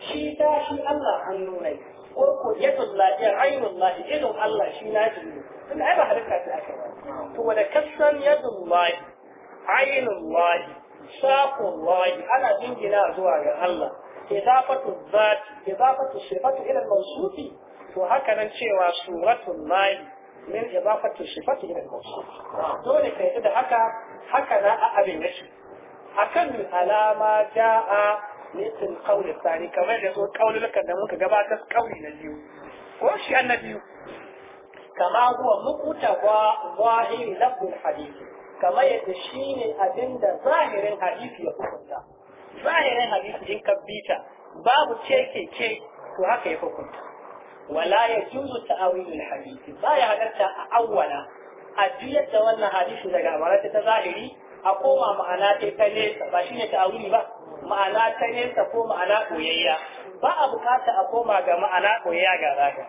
shi ta shi Allah hannu ne ko ko yadun lahira ayyadun lahira idon Allah shi na ji ne tun ai ba halitta ta aka ba to wanda kasan yadun lahira ayyadun lahira sakon lahira ana jingina zuwa ga Allah idafatu zat idafatu sifatu ila mawsufi to haka nan cewa suratul lahi min idafatu sifatu ila mawsufi dole kai da haka haka na abin yake akan alama jaa nitin qawli tsari kamar da so kaulukan da muka gabatar kauli na biyu ko shi annabi kama huwa mukuta wa zahiri lafzul hadisi kamar yadda shine abinda zahirin hadisi ya hukunta zahirin hadisi in ka bita babu ceke ce to haka ya hukunta wala ya juzu ta'awilul hadisi ba ya hadarta a awwala a juyar da wannan hadisi daga amarata ta zahiri a koma ma'ana ta ta nesa ba shine ta'awili ba ma'ana ta nesa ko ma'ana koyayya ba a bukata a koma ga ma'ana koyayya ga zaka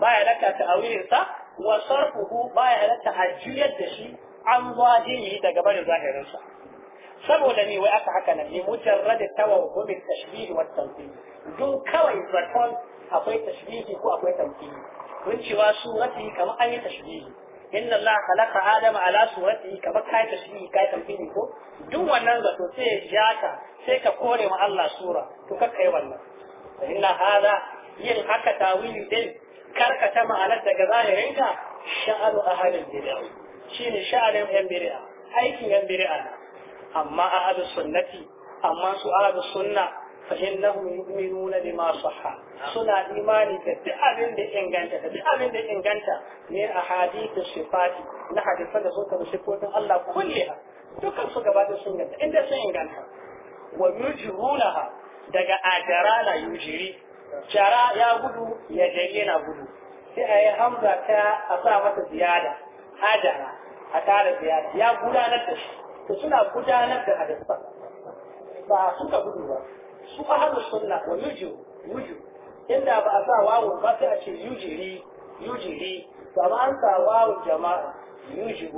ba ya laka ta'awilin sa wa sarfuhu ba ya halatta a juyar da shi an zahiri daga barin zahirin sa saboda ne wai aka haka nan ne mujarrad tawahum at-tashbih wa at-tamthil dun kawai zaton akwai tashbihi ko akwai tamthili kun cewa surati kamar an yi tashbihi inna Allah khalaqa adama ala suratihi kamar kai tashbihi kai tamthili ko Dun wannan zato sai ya jaka sai ka kore ma Allah sura to kakka yi wannan inna hada yin haka tawili din karkata ma'anar daga zahirinka sha'anu ahalin bid'a shine sha'anin yan bid'a aikin yan bid'a amma ahlus sunnati amma su ahlus sunna fa innahum yu'minuna bima sahha suna imani da duk abin da inganta da duk abin da inganta min ahadith sifati na hadisan da suka da sifatin Allah kulliha dukkan su gaba da sun inda sun inganta wa yujrunaha daga ajarala yujiri jara ya gudu ya jari na gudu sai a yi hamza ta a sa mata ziyada ajara a tara ziyada ya gudanar da shi da suna gudanar da hadisa ba suka gudu ba su ahalu sunna wa yuju yuju inda ba a sa wawo ba sai a ce yujiri yujiri ba amma an sa wawo jama'a yuji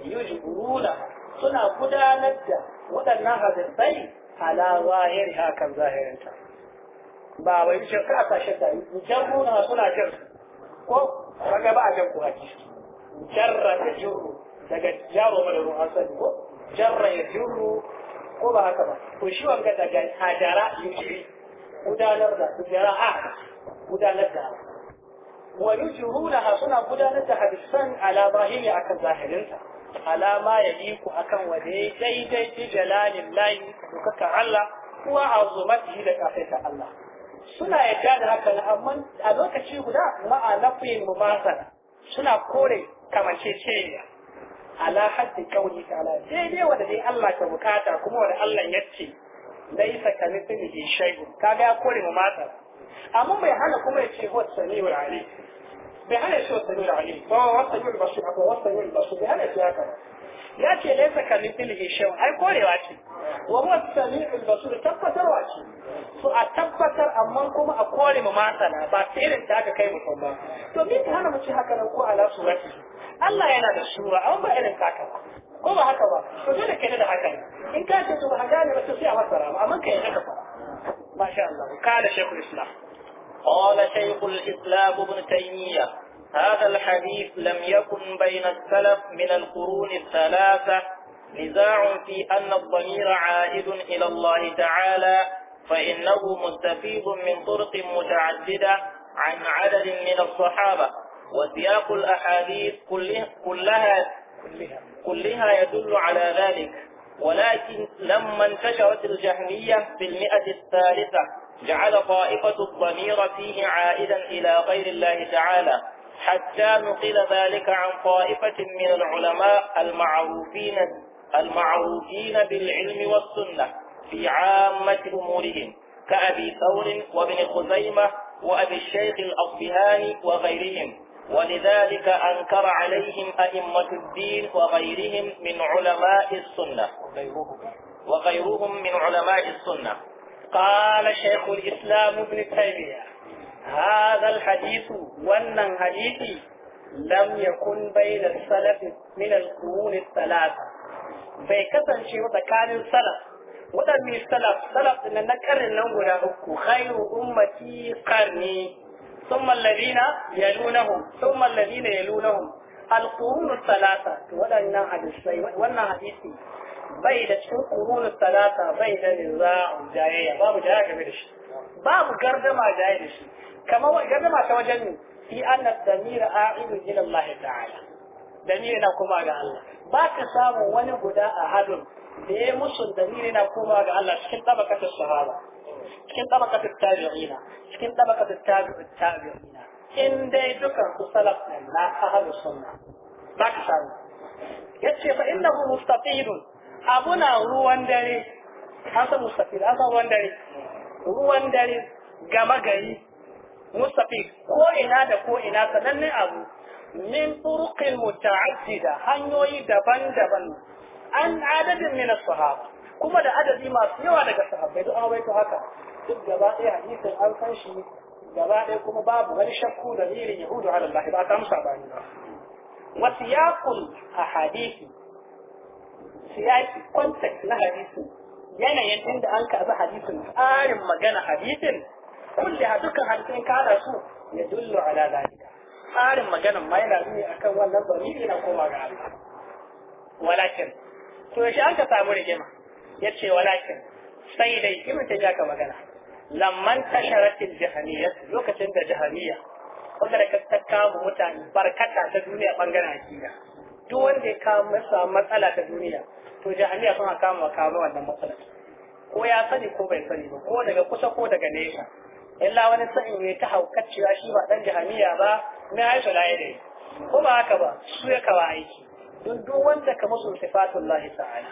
yujuruna suna gudanar da waɗannan hadisai ala zahiri hakan zahirinta ba wai shakka a sashen da jarruna suna jar ko kaga ba a jan kuwa jarra ta jirru daga jaro madarin Sani ko jarra ya jurru ko ba haka ba to shi wanga daga hajara yujri gudanar da tujara a gudanar da wa yujrunaha suna gudanar da hadisan ala zahiri akan zahirinsa ala ma yaliku akan wa daidai bi jalalin layi, dukaka Allah kuwa azumatihi da kafaita Allah suna yadda da haka amma a lokaci guda ma'a nafiyin mumasala suna kore kamanceceniya ala haddi kauli ta'ala sai dai wanda dai Allah ka bukata kuma wanda Allah ya ce laisa ka mithlihi shay'un kaga ya kore mu mata amma bai hana kuma ya ce huwa samiul alim bai hana ya ce huwa samiul alim ko huwa samiul basir ko huwa samiul basir bai hana ya ce haka ya ce laisa ka mithlihi shay'un ai korewa ce wa huwa samiul basir tabbatarwa ce su a tabbatar amma kuma a kore mu masana ba ta irin da aka kai mu. ba to me ta hana mu ci haka nan ko ala surati Allah yana da sura amma ba irin haka ba ko ba haka ba to dole kai da haka in ka ce to ba gane ba to sai a masara ba amma kai haka ba masha Allah kana shaykhul islam qala shaykhul islam ibn taymiyah هذا الحديث لم يكن بين السلف من القرون الثلاثة نزاع في أن الضمير عائد إلى الله تعالى فإنه مستفيد من طرق متعددة عن عدد من الصحابة وسياق الأحاديث كلها كلها, كلها يدل على ذلك ولكن لما انتشرت الجهمية في المئة الثالثة جعل طائفة الضمير فيه عائدا إلى غير الله تعالى حتى نقل ذلك عن طائفة من العلماء المعروفين المعروفين بالعلم والسنة في عامة أمورهم كأبي ثور وابن خزيمة وأبي الشيخ الأصبهاني وغيرهم ولذلك أنكر عليهم أئمة الدين وغيرهم من علماء السنة وغيرهم من علماء السنة قال شيخ الإسلام ابن تيمية هذا الحديث ونن حديثي لم يكن بين السلف من القرون الثلاثة bai kasance كان السلف waɗanne salaf salaf na na karin nan guda uku khairu ummati qarni thumma alladhina yalunahum thumma alladhina yalunahum alqurun salasa waɗannan hadisai wannan hadisi bai da cikin qurun salasa bai da nizaa jayayya babu jayayya game da shi babu gardama jayayya da shi kamar gardama ta wajen ne fi anna damira a'idu ila Allah ta'ala damira na kuma ga Allah ba samu wani guda a hadin da ya musu dalili na kuma ga Allah cikin tabakatar sahaba cikin tabakatar tabi'ina cikin tabakatar tabi'ina in dai dukan su salaf ne na ahlus sunna ba ka samu yace fa innahu Abu abuna ruwan dare ka san mustatid an ruwan dare ruwan dare gama gari mustafid ko ina da ko ina sanannen abu min turuqil muta'addida hanyoyi daban-daban an adadin min as-sahaba kuma da adadi masu yawa daga sahabbai duk an waito haka duk gaba ɗaya hadisin an san shi gaba ɗaya kuma babu wani shakku da lirin yahudu ala Allah ba ta musa bani ba wa siyaqul ahadisi siyaqi context na hadisin yanayin inda an kaza hadisin tsarin magana hadisin kulli ha dukkan hadisin kada su ya dullu ala zalika tsarin maganan ma yana nuni akan wannan bari na koma ga Allah walakin to shi an ka samu rigima ya ce walakin sai dai ibn ta jaka magana lamman tasharatil jahamiyya lokacin da jahamiyya wanda da ta kama mutane barkata ta duniya bangaren akida duk wanda ya kama masa matsala ta duniya to jahamiyya suna kama kama wannan matsala ko ya sani ko bai sani ba ko daga kusa ko daga nesa illa wani sani ne ta haukacewa shi ba dan jahamiyya ba na haifa dai ko ba haka ba su ya kawa aiki don duk wanda ka musu lahi ta'ala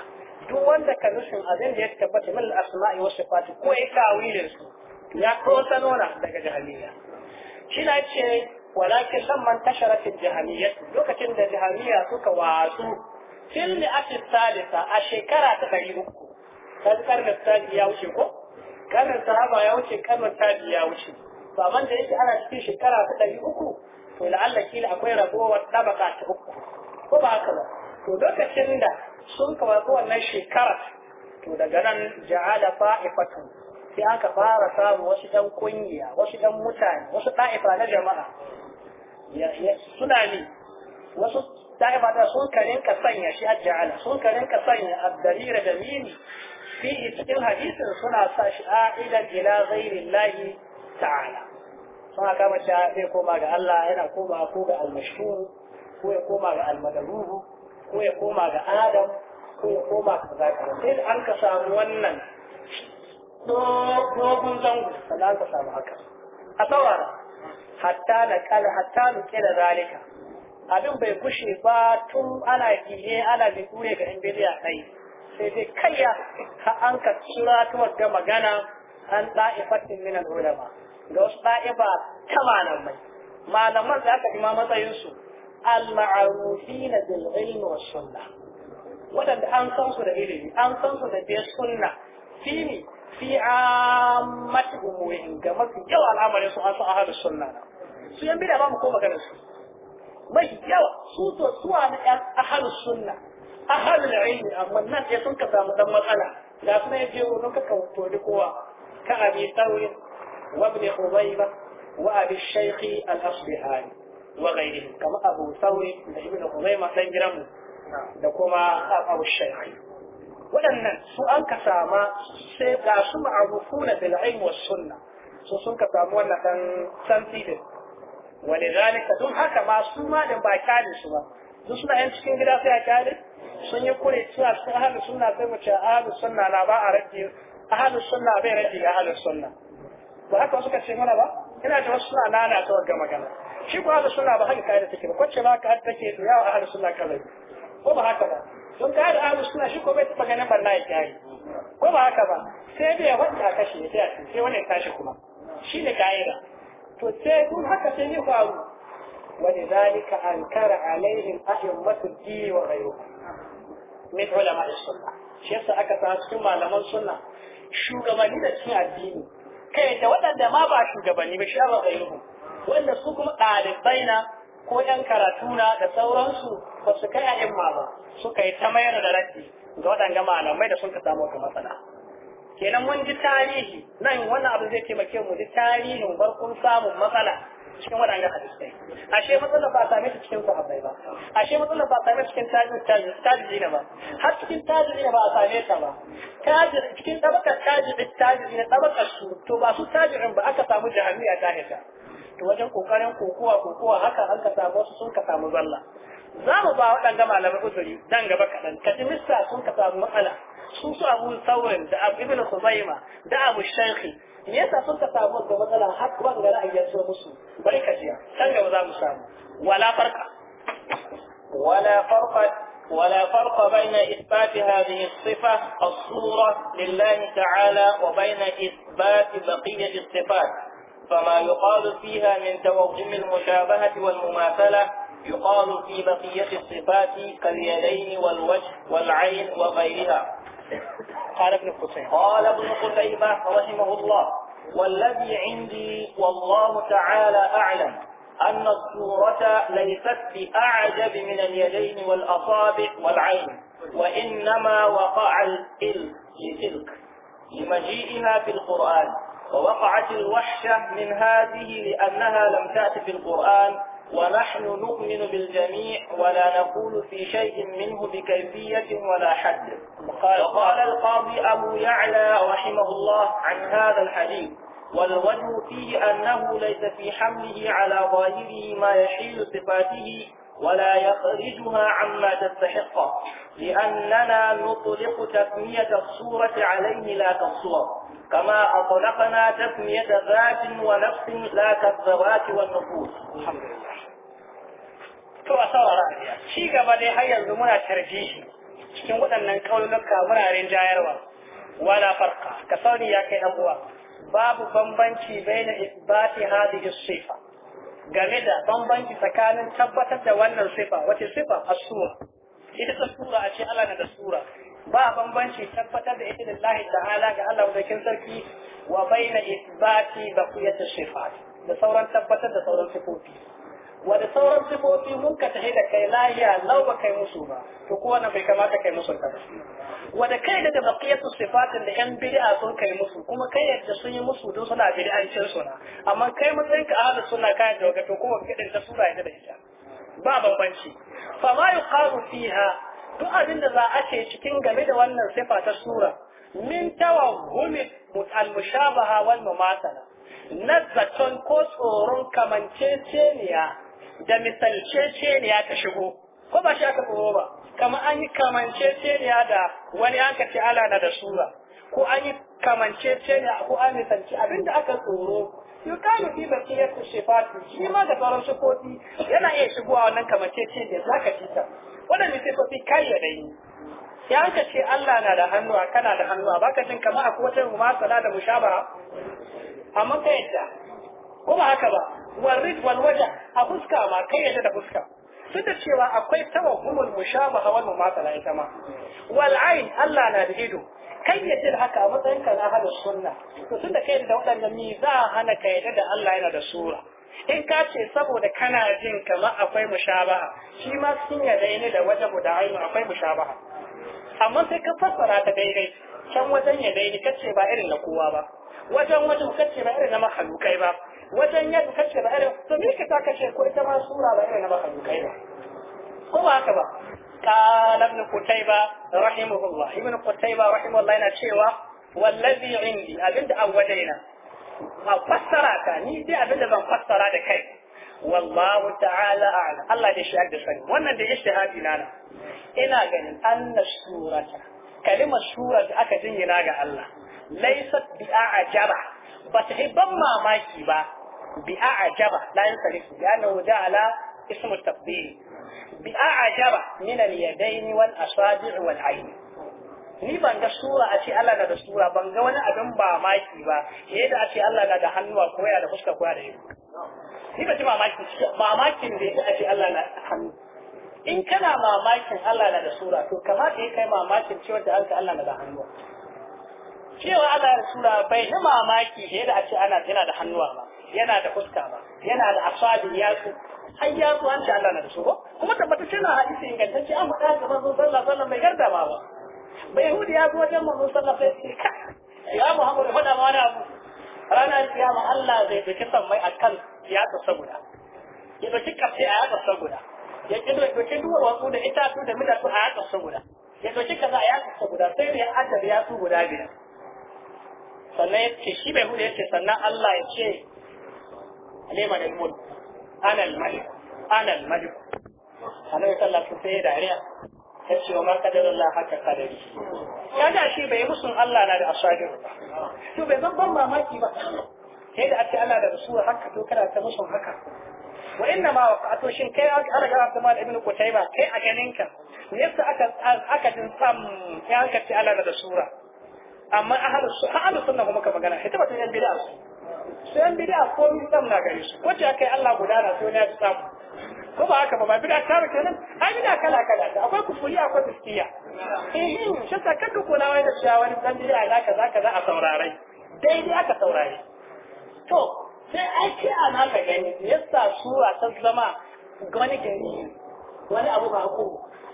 duk wanda ka nufin abin da ya tabbata min al-asma'i wa sifatu ko ya tawilin su ya kosa nuna daga jahiliya shi na ce walakin san man tashara fi jahiliya lokacin da jahiliya suka watsu fil li'ati salisa a shekara ta ɗari uku kan karnar tabi ya wuce ko karnar sahaba ya wuce karnar tabi ya wuce to amma da yake ana cikin shekara ta ɗari uku to la'alla kila akwai ragowar ɗabaka ta uku ko ba haka ba to lokacin da sun kawo wannan shekara to daga nan ja'ala fa'ifatu sai aka fara samun wasu dan kungiya wasu dan mutane wasu da'ifa na jama'a suna ne wasu da'ifa da sun karin ka sanya shi ajja'ala sun karin ka sanya addarira da mini fi cikin hadisin suna sa shi a'idan ila ghairi ta'ala suna kama shi zai koma ga Allah yana koma ko ga al-mashhur ko ya koma ga almadaruhu ko ya koma ga adam ko ya koma ga zakara sai da an ka samu wannan dogon zango sannan an ka samu haka a tsawara hatta na kal hatta na kila zalika abin bai kushe ba tun ana gine ana bikure ga yan bidiya kai sai dai kayya ka an ka kira ta da magana an da'ifatin min al-ulama ga wasu ɗa'iba ta malamai malaman da aka ima ma matsayinsu al-ma'rufin bil ilm wa sunnah wadanda an san su da ilimi an san da biyar sunna fi mi fi ammati umurin ga mafi yawa al'amarin su an san ahlus su yan bida ba mu ko magana su yawa su to suwa na ahlus sunna ahlul ilmi amma nan ya sun ka samu dan matsala da yaje wurin ka kawtori kowa ka abi saurin wa ibn wa wa ghairihim kamar Abu Sauri da Ibn Khuzaima dan gidanmu da kuma Abu Shaykhi waɗannan su an ka sama sai ga su ma'rufuna bil ilm was sunna su sun ka samu wannan dan santi din walidhalika dun haka ma su ma din ba kyalin su ba duk suna yan cikin gida sai a kyalin sun yi kure cewa cikin ahlus sunna sai mu ce ahlus na ba a bai ba suka mana ba ina da wasu suna lalata wa magana shi ko ahlus sunna ba haka kaida take ba kwace ba haka take to yawa ahlus suna kallai ko ba haka ba don ka da ahlus suna shi ko bai taba ganin barna ya kai ko ba haka ba sai da wanda aka shi sai a sai wani ya tashi kuma shi ne kaida to sai kun haka sai ne faru wani ولذلك أنكر عليهم أئمة الدين وغيرهم من علماء السنة شيخ أكثر ثم علماء malaman suna, shugabanni da cin addini kai da waɗanda ma ba shugabanni ba shi Allah gairuhum wanda su kuma ɗalibai na ko ‘yan karatu na da sauransu ba su kai a imma ba suka yi ta mayar da rafi ga waɗanga malamai da sun ka samu ka matsala kenan mun ji tarihi nan wannan abu zai taimake mu ji tarihin farkon samun matsala cikin waɗannan hadisai ashe matsalar ba same su cikin sahabbai ba ashe matsalar ba same cikin tajiri ba har cikin tajiri ba a same ta ba cikin tabakar tajirin tajiri na tabakar su to ba su tajirin ba aka samu jahamiya ta hita to wajen kokarin kokowa kokowa haka an ka samu wasu sun ka samu zalla za mu ba waɗanda malamai uzuri nan gaba kaɗan kaji mista sun ka samu matsala sun su abu saurin da abu ibn khuzaima da abu shaykhi me yasa sun ka samu da matsala har kuma ga ra'ayyar su musu bari ka jiya kan gaba za mu samu wala farka wala farqa ولا فرق بين إثبات هذه الصفة الصورة لله تعالى وبين إثبات بقية الصفات فما يقال فيها من توهم المشابهة والمماثلة يقال في بقية الصفات كاليدين والوجه والعين وغيرها قال ابن قتيبة قال ابن قتيبة رحمه الله والذي عندي والله تعالى أعلم أن الصورة ليست بأعجب من اليدين والأصابع والعين وإنما وقع الإلك لتلك لمجيئنا في القرآن ووقعت الوحشة من هذه لأنها لم تأت في القرآن ونحن نؤمن بالجميع ولا نقول في شيء منه بكيفية ولا حد وقال القاضي أبو يعلى رحمه الله عن هذا الحديث والوجه فيه أنه ليس في حمله على ظاهره ما يحيل صفاته ولا يخرجها عما تستحقه لأننا نطلق تسمية الصورة عليه لا كالصور كما أطلقنا تسمية ذات ونفس لا كالذوات والنفوس الحمد لله to a saurara ci gaba dai har yanzu muna tarfi shi cikin waɗannan kauluka muna rinjayarwa wala farqa ka sauni ya kai dan babu bambanci baina isbati hadhihi sifa game da bambanci tsakanin tabbatar da wannan sifa wace sifa as ita ta sura a ce Allah na da sura ba bambanci tabbatar da ita lillahi ta'ala ga Allah da wajen sarki wa baina isbati baqiyat sifat da sauran tabbatar da sauran sifofi wa da sauran sifofi mun ka tahi da kai lahiya lau ba kai musu ba to ko wannan bai kamata kai musu ba wa da kai da baqiyat sifatin da yan bid'a sun kai musu kuma kai yadda sun yi musu don suna bid'ancin suna amma kai matsayin ka ahlus sunna kai da wato ko ba kidin ta sura da ita ba bambanci fa ma yuqalu fiha duk abin da za a ce cikin game da wannan sifa ta sura min tawahumi al-mushabaha wal mumathala na zaton ko tsoron kamanceceniya da misalceceniya ta shigo ko ba shi aka tsoro ba kamar an yi kamanceceniya da wani aka ce ala na da sura ko an yi kamanceceniya ko an misalci abinda aka tsoro yukalu fi bakiyatu sifatu shi ma da sauran sukofi yana iya shigowa wannan kamanceceniya zaka ci ta waɗanda sofi kai da dai ya ka ce Allah na da hannu a kana da hannu a baka jin kamar akwai wata mumasala da mushabara amma ka yadda ko ba haka ba warrid wal waja a fuska ma kai yadda da fuska duk da cewa akwai tawahumul mushabaha wal mumasala ita ma wal ain Allah na da ido kai yadda da haka a matsayin ka na hada sunna to tunda kai da waɗannan ni za hana ka yadda da Allah yana da sura in ka ce saboda kana jin kamar akwai mushabaha shi ma sun ya daidai da wajen da ainihin akwai mushabaha amma sai ka fassara ta daidai can wajen ya daidai kace ba irin na kowa ba wajen wajen kace ba irin na mahalukai ba wajen yadda kace ba irin to mika ka kace ko ita ma sura ba irin na mahalukai ba ko ba haka ba قال ابن قتيبة رحمه الله ابن قتيبة رحمه الله cewa wallazi indi abinda awwalaina ba fassara ka ni dai abinda ban fassara da kai wallahu ta'ala a'lam Allah da shi da sani wannan da ishtihadi na ina ganin anna surata kalimar sura da aka jingina ga Allah laysat bi a'jaba ba ta ban mamaki ba bi a'jaba la yansarifu li'annahu ja'ala ismu tabdil bi a'jaba min al-yadayn wal asabi' wal ayn ni ban ga sura a ce Allah na da sura ban ga wani abin ba maki ba yayin da a ce Allah na da hannuwa ko ya da fuska ko ya da yi ni ba ji mamaki mamakin da ya a ce Allah na da hannu in kana mamakin Allah na da sura to kamata ya kai mamakin cewa da alka Allah na da hannuwa cewa Allah da sura bai ni mamaki yayin da a ce ana yana da hannuwa ba yana da fuska ba yana da ya su ai ya an ce Allah na da sura? kuma tabbata na hadisi ingantacce an faɗa gaban sallah sallah mai gardama ba ba yahudi ya zo wajen manzo sallallahu alaihi wasallam ya muhammadu faɗa ma wani abu ranar kiyama Allah zai doki sammai akan ya ta saboda ya doki kafe a ya ta saboda ya doki duwar wasu da itatu da midatu a ya ta saboda ya doki kaza a ya ta saboda sai da ya adada ya su guda biyar sannan ya ce shi bai hudu ya ce sannan Allah ya ce alima da mulk anal al-malik ana al-malik annabi sallallahu alaihi wasallam sai ya dariya ya ce wa makadarar haka kadari kaga shi bai musu Allah na da asagir ba to bai zan ban mamaki ba sai da ake Allah da rasul haka to kana ta musu haka wa inna ma waqa'atu shin kai ana ga Abdullah ibn Qutayba kai a ganinka me yasa aka aka din sam ya aka ce Allah da sura amma ahlus ahlus sunna kuma ka magana ita batun yan bid'a su yan bid'a ko mun sam na gare su ko ce kai Allah guda na to ne ya samu ko ba haka ba ba bid'a tara kenan ai bid'a kala kala ta akwai kufuri akwai tsiya eh shi ta kada ko lawai da shawa wani dan da na kaza kaza a saurare daidai aka saurare to sai ai ce a naka gani yasa sura ta zama wani gari wani abu ba ko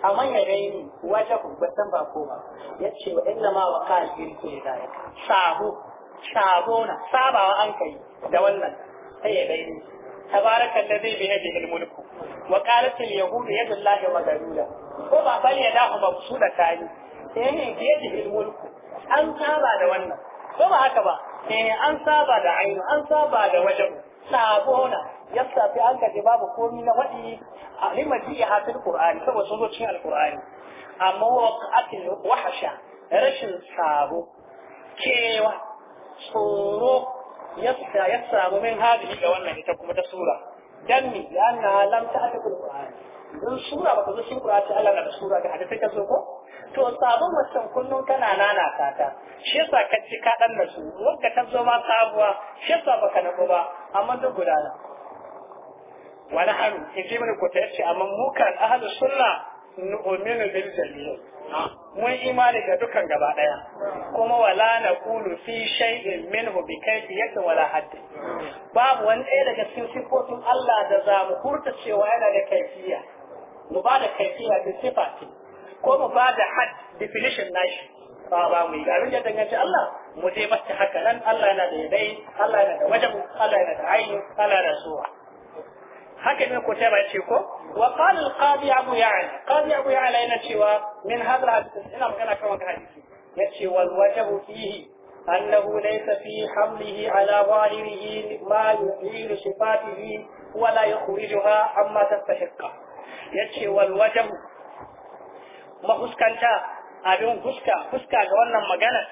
amma ya gani wata kubbatan ba ko ba yace wa inna ma wa qal da ka sabu sabona sabawa an kai da wannan sai ya gani tabaraka alladhi bi yadihi al-mulk wa qalat al-yahud yad Allah maghlula ko ba su da mabsuda tani eh bi yadihi al-mulk an saba da wannan ko ba haka ba eh an saba da ainu an saba da wajen sabona yasa fi an kaje babu komai na wadi a limaji ya hafil qur'ani saboda sun zo cikin al-qur'ani amma waqatil wahsha rashin sabo kewa tsoro yasta ya min hadisi ga wannan ita kuma ta sura dan ni. yana lam ta ta qur'ani dan sura ba ta zo cikin qur'ani Allah na da sura ga hadisi ta zo ko to sabon wannan kunnun kana nana ta shi yasa ka ci ka dan da su wanda ta zo ma sabuwa shi yasa baka nabo ba amma duk gudana wala haru in ji mana ko ta ce, amma mu kan ahlus sunna nu'minu bil jalil mun imani ga dukan gaba daya kuma wala kulu fi shay'in minhu bi kayfiyati wala haddi. babu wani ɗaya daga cikin sifofin Allah da za mu hurta cewa yana da kaifiya mu ba da kaifiya da sifati ko mu ba da had definition nashi ba ba mu yi abin da danganci Allah mu je mata haka nan Allah yana da yadai Allah yana da wajabu Allah yana da aini Allah yana da suwa haka ibn kutaiba ya ce ko wa qala al qadi abu ya'la qadi abu ya'la yana cewa min hadha hadith ina magana kan wannan hadisi yace wal wajhu fihi أنه ليس في حمله على ظاهره ما يزيل صفاته ولا يخرجها عما Ya yace wal wajhu mahuskanta abin huska, huska ga wannan magana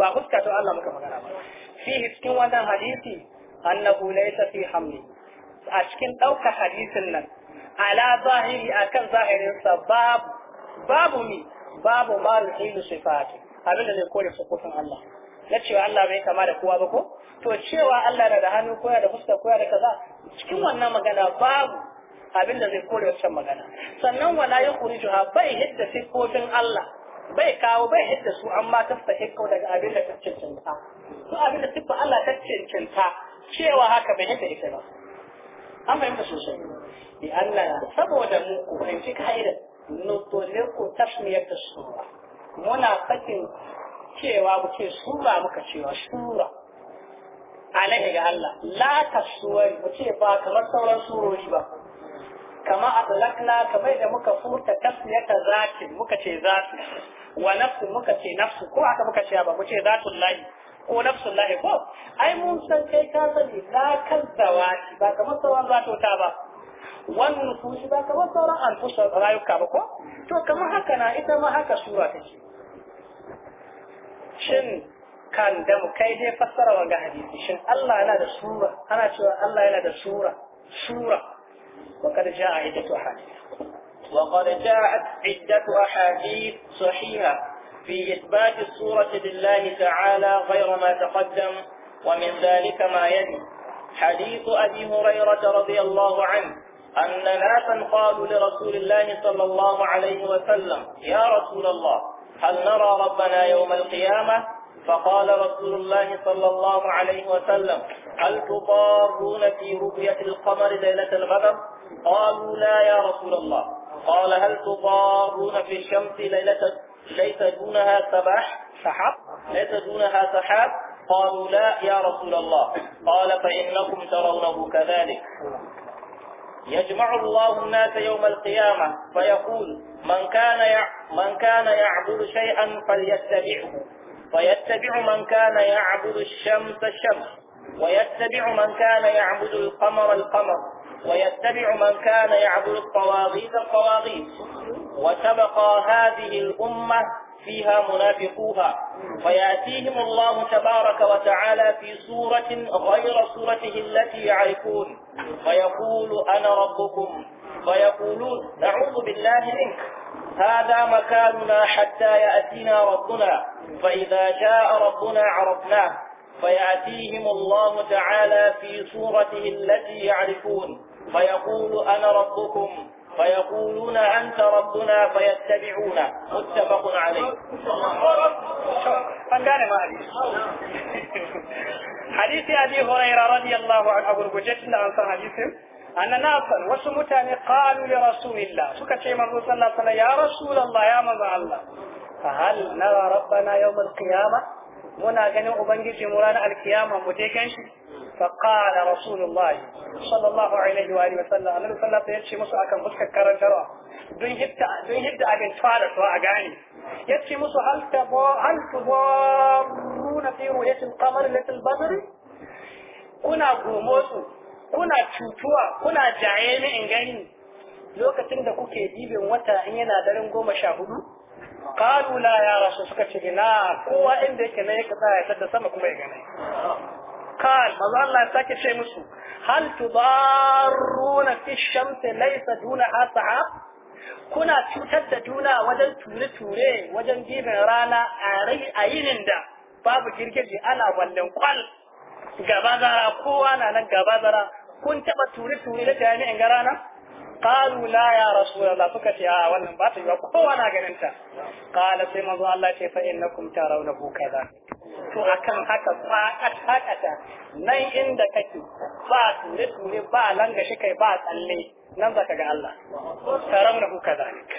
ba huska to Allah muka magana ba fi cikin wannan hadisi annahu laysa fi hamli a cikin ɗaukar hadisin nan ala zahiri akan zahirinsa babu babu ni babu ma yuhilu sifati abin da zai kore sukufin Allah na cewa Allah bai kama da kowa ba ko to cewa Allah na da hannu koya da fuska koya da kaza cikin wannan magana babu abin da zai kore wancan magana sannan wala ya kurijuha bai hidda sifofin Allah bai kawo bai hidda su amma ta sahikau daga abin da ta cincinta to abin da siffa Allah ta cincinta cewa haka bai hidda ita ba an fahimta sosai bi Allah saboda mu ku fahimci ka'idar nutuliku tasmiyar ta sura muna fakin cewa muke sura muka cewa sura alaihi ga Allah la tasuri muke ba kamar sauran surori ba kama adlakna kamar da muka furta tasmiyar tasmiyata zati muka ce zati wa nafsu muka ce nafsu ko haka muka ce ba muke zatul lahi ko nafsun lahi ko ai mun san kai ka sani kan kazzawa ba kamar sauran zatota ba wannan fushi ba kamar sauran alfusa rayuka ba ko to kamar haka na ita ma haka sura take shin kan damu kai dai fassara wanga hadisi shin Allah yana da sura ana cewa Allah yana da sura sura wa kad jaa iddatu ahadith wa qad ja'at iddatu ahadith sahiha في إثبات الصورة لله تعالى غير ما تقدم ومن ذلك ما يلي حديث أبي هريرة رضي الله عنه أن ناسا قالوا لرسول الله صلى الله عليه وسلم يا رسول الله هل نرى ربنا يوم القيامة فقال رسول الله صلى الله عليه وسلم هل تضارون في رؤية القمر ليلة الغدر قالوا لا يا رسول الله قال هل تضارون في الشمس ليلة ليس دونها سبح سحب ليس دونها سحاب قالوا لا يا رسول الله قال فإنكم ترونه كذلك يجمع الله الناس يوم القيامة فيقول من كان من كان يعبد شيئا فليتبعه فيتبع من كان يعبد الشمس الشمس ويتبع من كان يعبد القمر القمر ويتبع من كان يعبد الطواغيت الطواغيت وتبقى هذه الأمة فيها منافقوها فيأتيهم الله تبارك وتعالى في سورة غير سورته التي يعرفون فيقول أنا ربكم فيقولون نعوذ بالله منك هذا مكاننا حتى يأتينا ربنا فإذا جاء ربنا عرفناه فيأتيهم الله تعالى في صورته التي يعرفون فيقول أنا ربكم فيقولون أنت ربنا فيتبعونه متفق عليه فكان ما حديث أبي هريرة رضي الله عنه أبو الجشن عن حديثه أن ناسا وسمتان قالوا لرسول الله سكت شيء من رسول الله صلى يا رسول الله يا مزع الله فهل نرى ربنا يوم القيامة منا جنوب بنجي مرانا القيامة متى كان فقال رسول الله صلى الله عليه وآله وسلم النبي صلى الله عليه وسلم يتشي مسو أكن فسك كرنترا دون هبت دون هبت أبن فارس وأغاني يتشي مسو هل تبو هل تضارون في رؤية القمر ليلة البدر كنا غوموسو كنا تشوتوا كنا جايين إن غني lokacin da kuke dibin wata in yana daren goma sha hudu kalu la ya rasu suka ce ina kowa inda yake na ya kasa qal manzo Allah sake ce musu hal tudarruna fi shams laysa duna sa'a kuna cutar da juna wajen ture-ture wajen jibin rana a yinin da babu girgije ana wallan kwal gaba zara kowa na nan gaba zara kun taba ture-ture na jami'in ga rana قالوا ya يا رسول الله فكت a wannan ba ta yi ba kowa na ganin ta qala sai manzo Allah ce fa innakum tarawnahu kaza mutu akan haka ba kakata nan inda kake ba ne ne ba langa shi kai ba tsalle nan zaka ga Allah tarawnahu kadhalik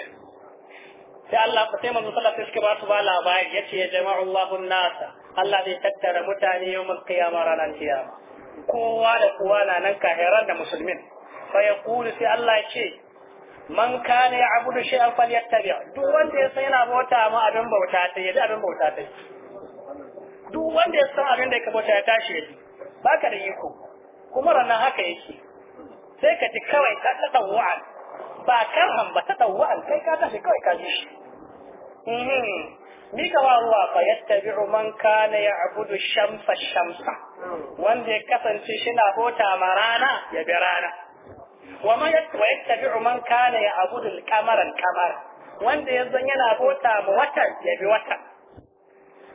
sai Allah sai manzo sallallahu alaihi wasallam suka ba labari yace ya jama'u Allahu nasa Allah zai tattara mutane yawmul qiyamah ranar kiyama kowa da kowa na nan kahiran da musulmin fa yaqulu sai Allah ya ce man kana ya abudu shay'an falyattabi' duk wanda ya san yana bauta ma abin bauta ta ya abin bauta ta duk wanda ya san abin da ya kabota ya tashi yake baka da iko kuma ranar haka yake sai ka ji kawai ka ta tawwa'an ba karhan ba ta tawwa'an kai ka tashi kawai ka ji shi hmm. ni ka wa ruwa fa yattabi'u man kana ya'budu shamsa shamsa wanda ya kasance shi na bota ma rana ya bi rana wa ya yattabi'u man kana ya'budu al-qamara al-qamara wanda yanzu yana bota ma watan ya bi watan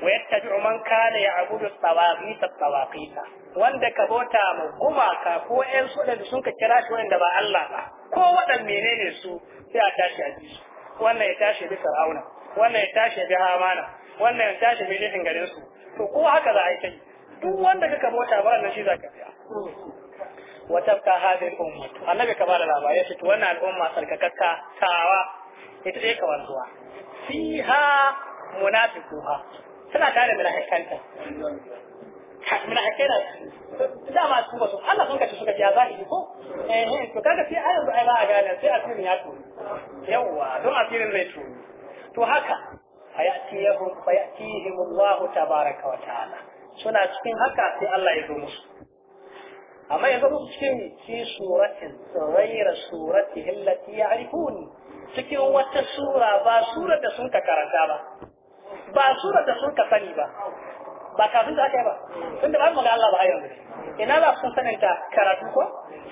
wa yattabi'u man kana ya'budu tawaqit tawaqit wanda ka bota ma gumaka ko ƴan su da sun ka kira shi wanda ba Allah ba ko wadan menene su sai a tashi a ji wannan ya tashi bi fir'auna wannan ya tashi bi hamana wannan ya tashi bi lihin garin su to ko haka za a yi ta duk wanda kaka bota ba nan shi za ka biya wa tabqa hadhihi ummatu. ummah annabi ka bada labari shi to wannan al'umma sarkakakka tawa ita ce ka wanzuwa fiha munafiquha tana tare da mulahikanta mulahikai na dama su ba su Allah sun kace suka ya zahiri ko eh to kaga sai ayan ai ba a gane sai asirin ya to yawa don asirin zai to to haka fayatihum fayatihim Allah tabaraka wa ta'ala suna cikin haka sai Allah ya zo musu amma yanzu musu cikin fi suratin ghayra surati allati ya'rifun cikin wata sura ba sura da sun ka karanta ba ba sura da sun ka sani ba ba kafin da aka yi ba tun da ba mu ga Allah ba yanzu ina za su sanin ta karatu ko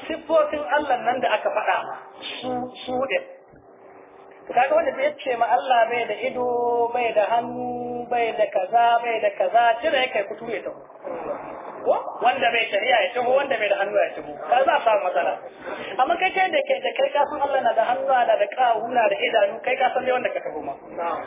sifofin Allah nan da aka faɗa su su din kaga wanda zai ce ma Allah bai da ido bai da hannu bai da kaza bai da kaza tira yake kuture ta ko wanda bai shari'a ya shigo wanda bai da hannu ya shigo ka za a samu matsala amma kai kai da kai da kai ka san Allah na da hannu na da na da idanu kai ka san dai wanda ka kafo ma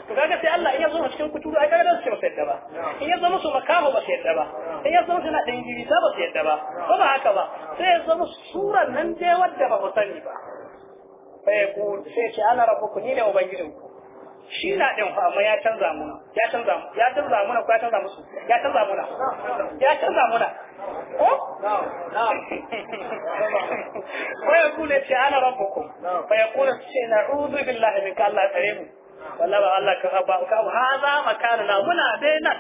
to kaga sai Allah in ya zo cikin kuturu ai kaga da su ba yadda ba in ya zo musu makaho ba sai yadda ba in ya zo musu na dan giri ba sai yadda ba ko ba haka ba sai ya zo musu nan dai wanda ba ku sani ba sai ku sai ce ana ku ni ne ubangijinku shi na ɗin fa amma ya canza mu ya canza mu ya canza mu ko ya canza musu ya canza mu ya canza mu ko ko ya kula ce ana rabbukum fa ya kula ce na'udhu billahi minka Allah tsare mu wallahi ba Allah ka ba ka hada na. muna dai nan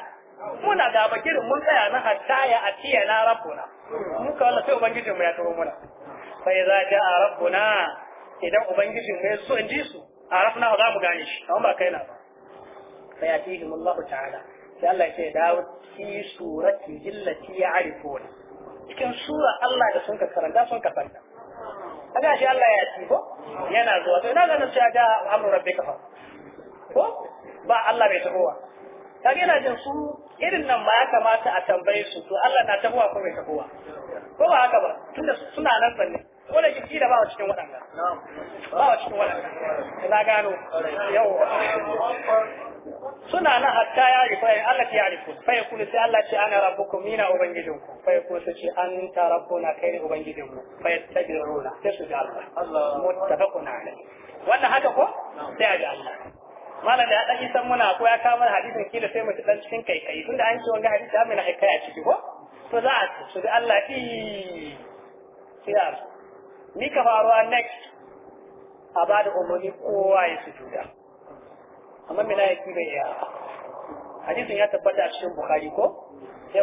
muna ga bakirin mun tsaya na hatta ya atiya na rabbuna muka wallahi sai ubangijin mu ya turo muna fa idza jaa rabbuna idan ubangijin mu ya so in ji su arafna za mu gane shi amma ba kai na ba fayatihim Allah ta'ala sai Allah ya ce dawo fi surati illati ya'rifun cikin sura Allah da sun ka karanta sun ka santa kaga shi Allah ya ci ko yana zuwa to ina ganin cewa da amru rabbika fa ko ba Allah bai tafowa kaga yana jin su irin nan ba ya kamata a tambaye su to Allah na tafowa ko bai tafowa ko ba haka ba tunda suna nan sanne ko da kiki da ba cikin waɗanda ba cikin waɗanda na gano yau suna na hatta ya rifa ya Allah ya rifu fa ya kula sai Allah ce ana rabbukum mina ubangijinku fa ya kula sai an ta rabbuna kai ne ubangijinku fa ya tajiruna sai su ga Allah Allah muttafaqun alaihi wannan haka ko sai ga Allah malam da ya dan san muna ko ya kawo mana hadisin kila sai mu dan cikin kai kai tunda an ce wanga hadisi amina kai a ciki ko to za a su ga Allah i sai ni ka faruwa next a ba da umarni kowa ya su juda amma mina ya kibe ya hadisin ya tabbata a cikin bukari ko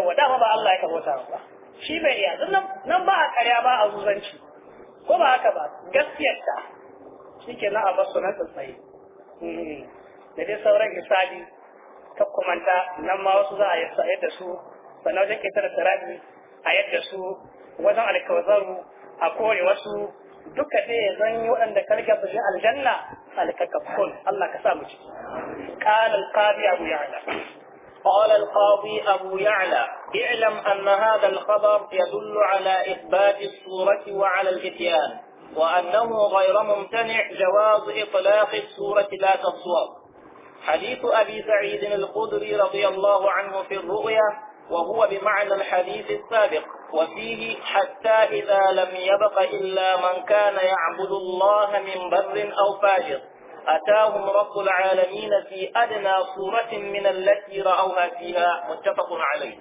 wa dama ba Allah ya wata ba shi bai iya don nan ba a karya ba a zuzanci ko ba haka ba gaskiyar ta shi ke na a basu na tsaye hmm. da dai sauran misali ta kumanta nan ma wasu za a yi sayar da su sannan wajen ƙetare tarafi a yadda su wajen alkawazaru a kore wasu duka ɗaya zan yi waɗanda ka riga su aljanna alkakafun Allah ka sa mu ciki قال القاضي أبو يعلى قال القاضي أبو يعلى اعلم أن هذا الخبر يدل على إثبات الصورة وعلى الإتيان وأنه غير ممتنع جواز إطلاق الصورة لا تصور حديث أبي سعيد الخدري رضي الله عنه في الرؤيا وهو بمعنى الحديث السابق وفيه حتى إذا لم يبق إلا من كان يعبد الله من بر أو فاجر أتاهم رب العالمين في أدنى صورة من التي رأوها فيها متفق عليه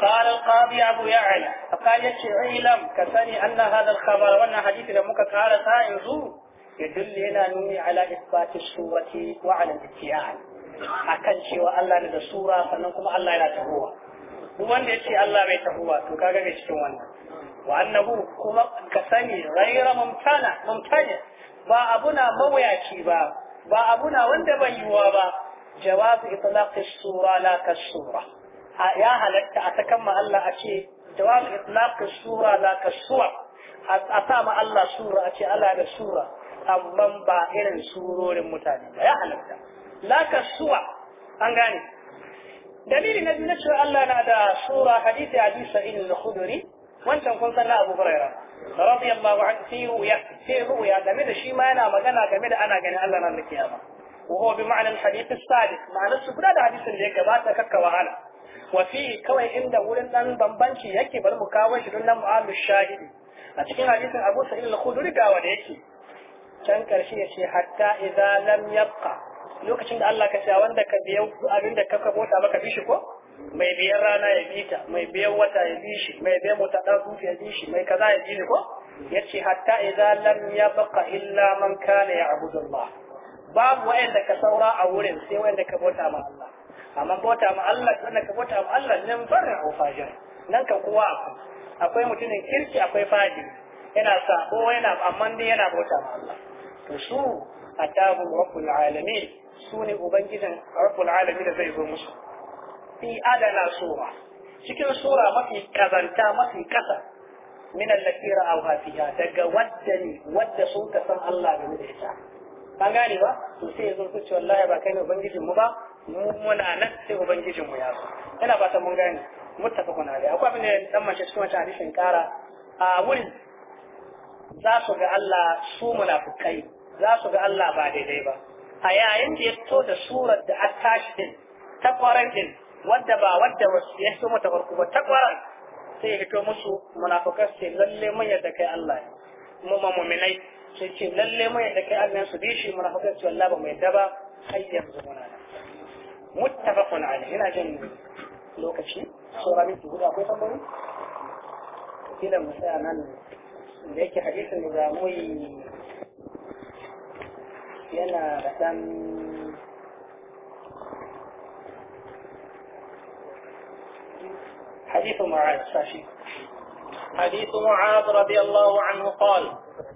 قال القاضي أبو يعلى فقال يشعي لم كثني أن هذا الخبر وأن حديث لمك قال سائزو يدل هنا نوني على إثبات الصورة وعلى الاتيان أكن شيء الله لدى الصورة فنكم الله لا تهوى wanda ya ce Allah bai tafi ba to kaga bai cikin wannan wa annahu kuma ka sani ghaira mumtana mumtana ba abuna mawuyaci ba ba abuna wanda bai yiwa ba jawazu itlaq as-sura la kas-sura ya halatta a ta kama Allah a ce jawazu itlaq as-sura la kas-sura a ta ma Allah sura a ce Allah da sura amma ba irin surorin mutane ba ya halatta la kas-sura an gane dalili na biyu na cewa Allah na da sura hadisi Abi Sa'id al-Khudri wancan kun san na Abu Huraira radiyallahu anhu fi ruya fi ruya game da shi ma yana magana game da ana ganin Allah nan da kiyama wa huwa bi ma'na al-hadith as-sadiq ma'ana su guda da hadisin da ya gabata kakka wahala wa fi kawai inda wurin dan bambanci yake bar mu kawo shi don nan mu'alu shahidi a cikin hadisin Abu Sa'id al-Khudri ga wanda yake can karshe ya ce hatta idza lam yabqa lokacin da Allah ka ce wanda ka biyan abin da ka mota baka bi shi ko mai biyan rana ya bi ta mai biyan wata ya bi shi mai biyan mota da rufi ya bi shi mai kaza ya bi ni ko yace hatta idza lam yabqa illa man kana ya'budu Allah babu wanda ka saura a wurin sai wanda ka bota ma Allah amma bota ma Allah sai ka bota ma Allah nan farin ko fajir nan kan kuwa akwai mutumin kirki akwai fadi yana sa ko yana amma dai yana bota ma Allah to su atabu rabbul alamin su ne ubangijin rabbul alamin da zai zo musu fi adana sura cikin sura mafi kazanta mafi kasa min allati a fiha daga wadda ne wadda sun ka san Allah game da ita ban gane ba to sai yanzu ku ce wallahi ba kai ne ubangijin mu ba mu muna nan sai ubangijin mu ya zo ina ta mun gane muttafaqun alai akwai abin da dan mace cikin wata hadisin kara a wurin za su ga Allah su munafukai za su ga Allah ba daidai ba a yayin da ya fito da surar da aka tashi din ta kwarai din wadda ba wadda ya fito mata farko ba ta kwarai sai ya fito musu munafukai sai lalle mun yadda kai Allah mu ma mu'minai sai ce lalle mun yadda kai Allah su bi shi munafukai su wallahi ba mu yadda ba har yanzu muna nan muttafaqun alaihi ina jin lokaci sura min guda akwai tambayoyi kila mu tsaya nan da yake hadisin da za mu yi لأن بسام حديث معاذ شاشي حديث معاذ رضي الله عنه قال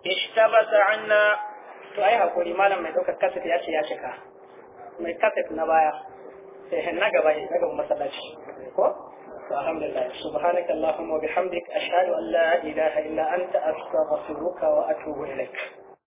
اشتبت عنا سؤالها قولي ما لما يدوك الكاتب يا شيخ يا شيخ ما يكاتب نبايا نقب نقب مسلاتي الحمد لله سبحانك اللهم وبحمدك أشهد أن لا إله إلا أنت أستغفرك وأتوب إليك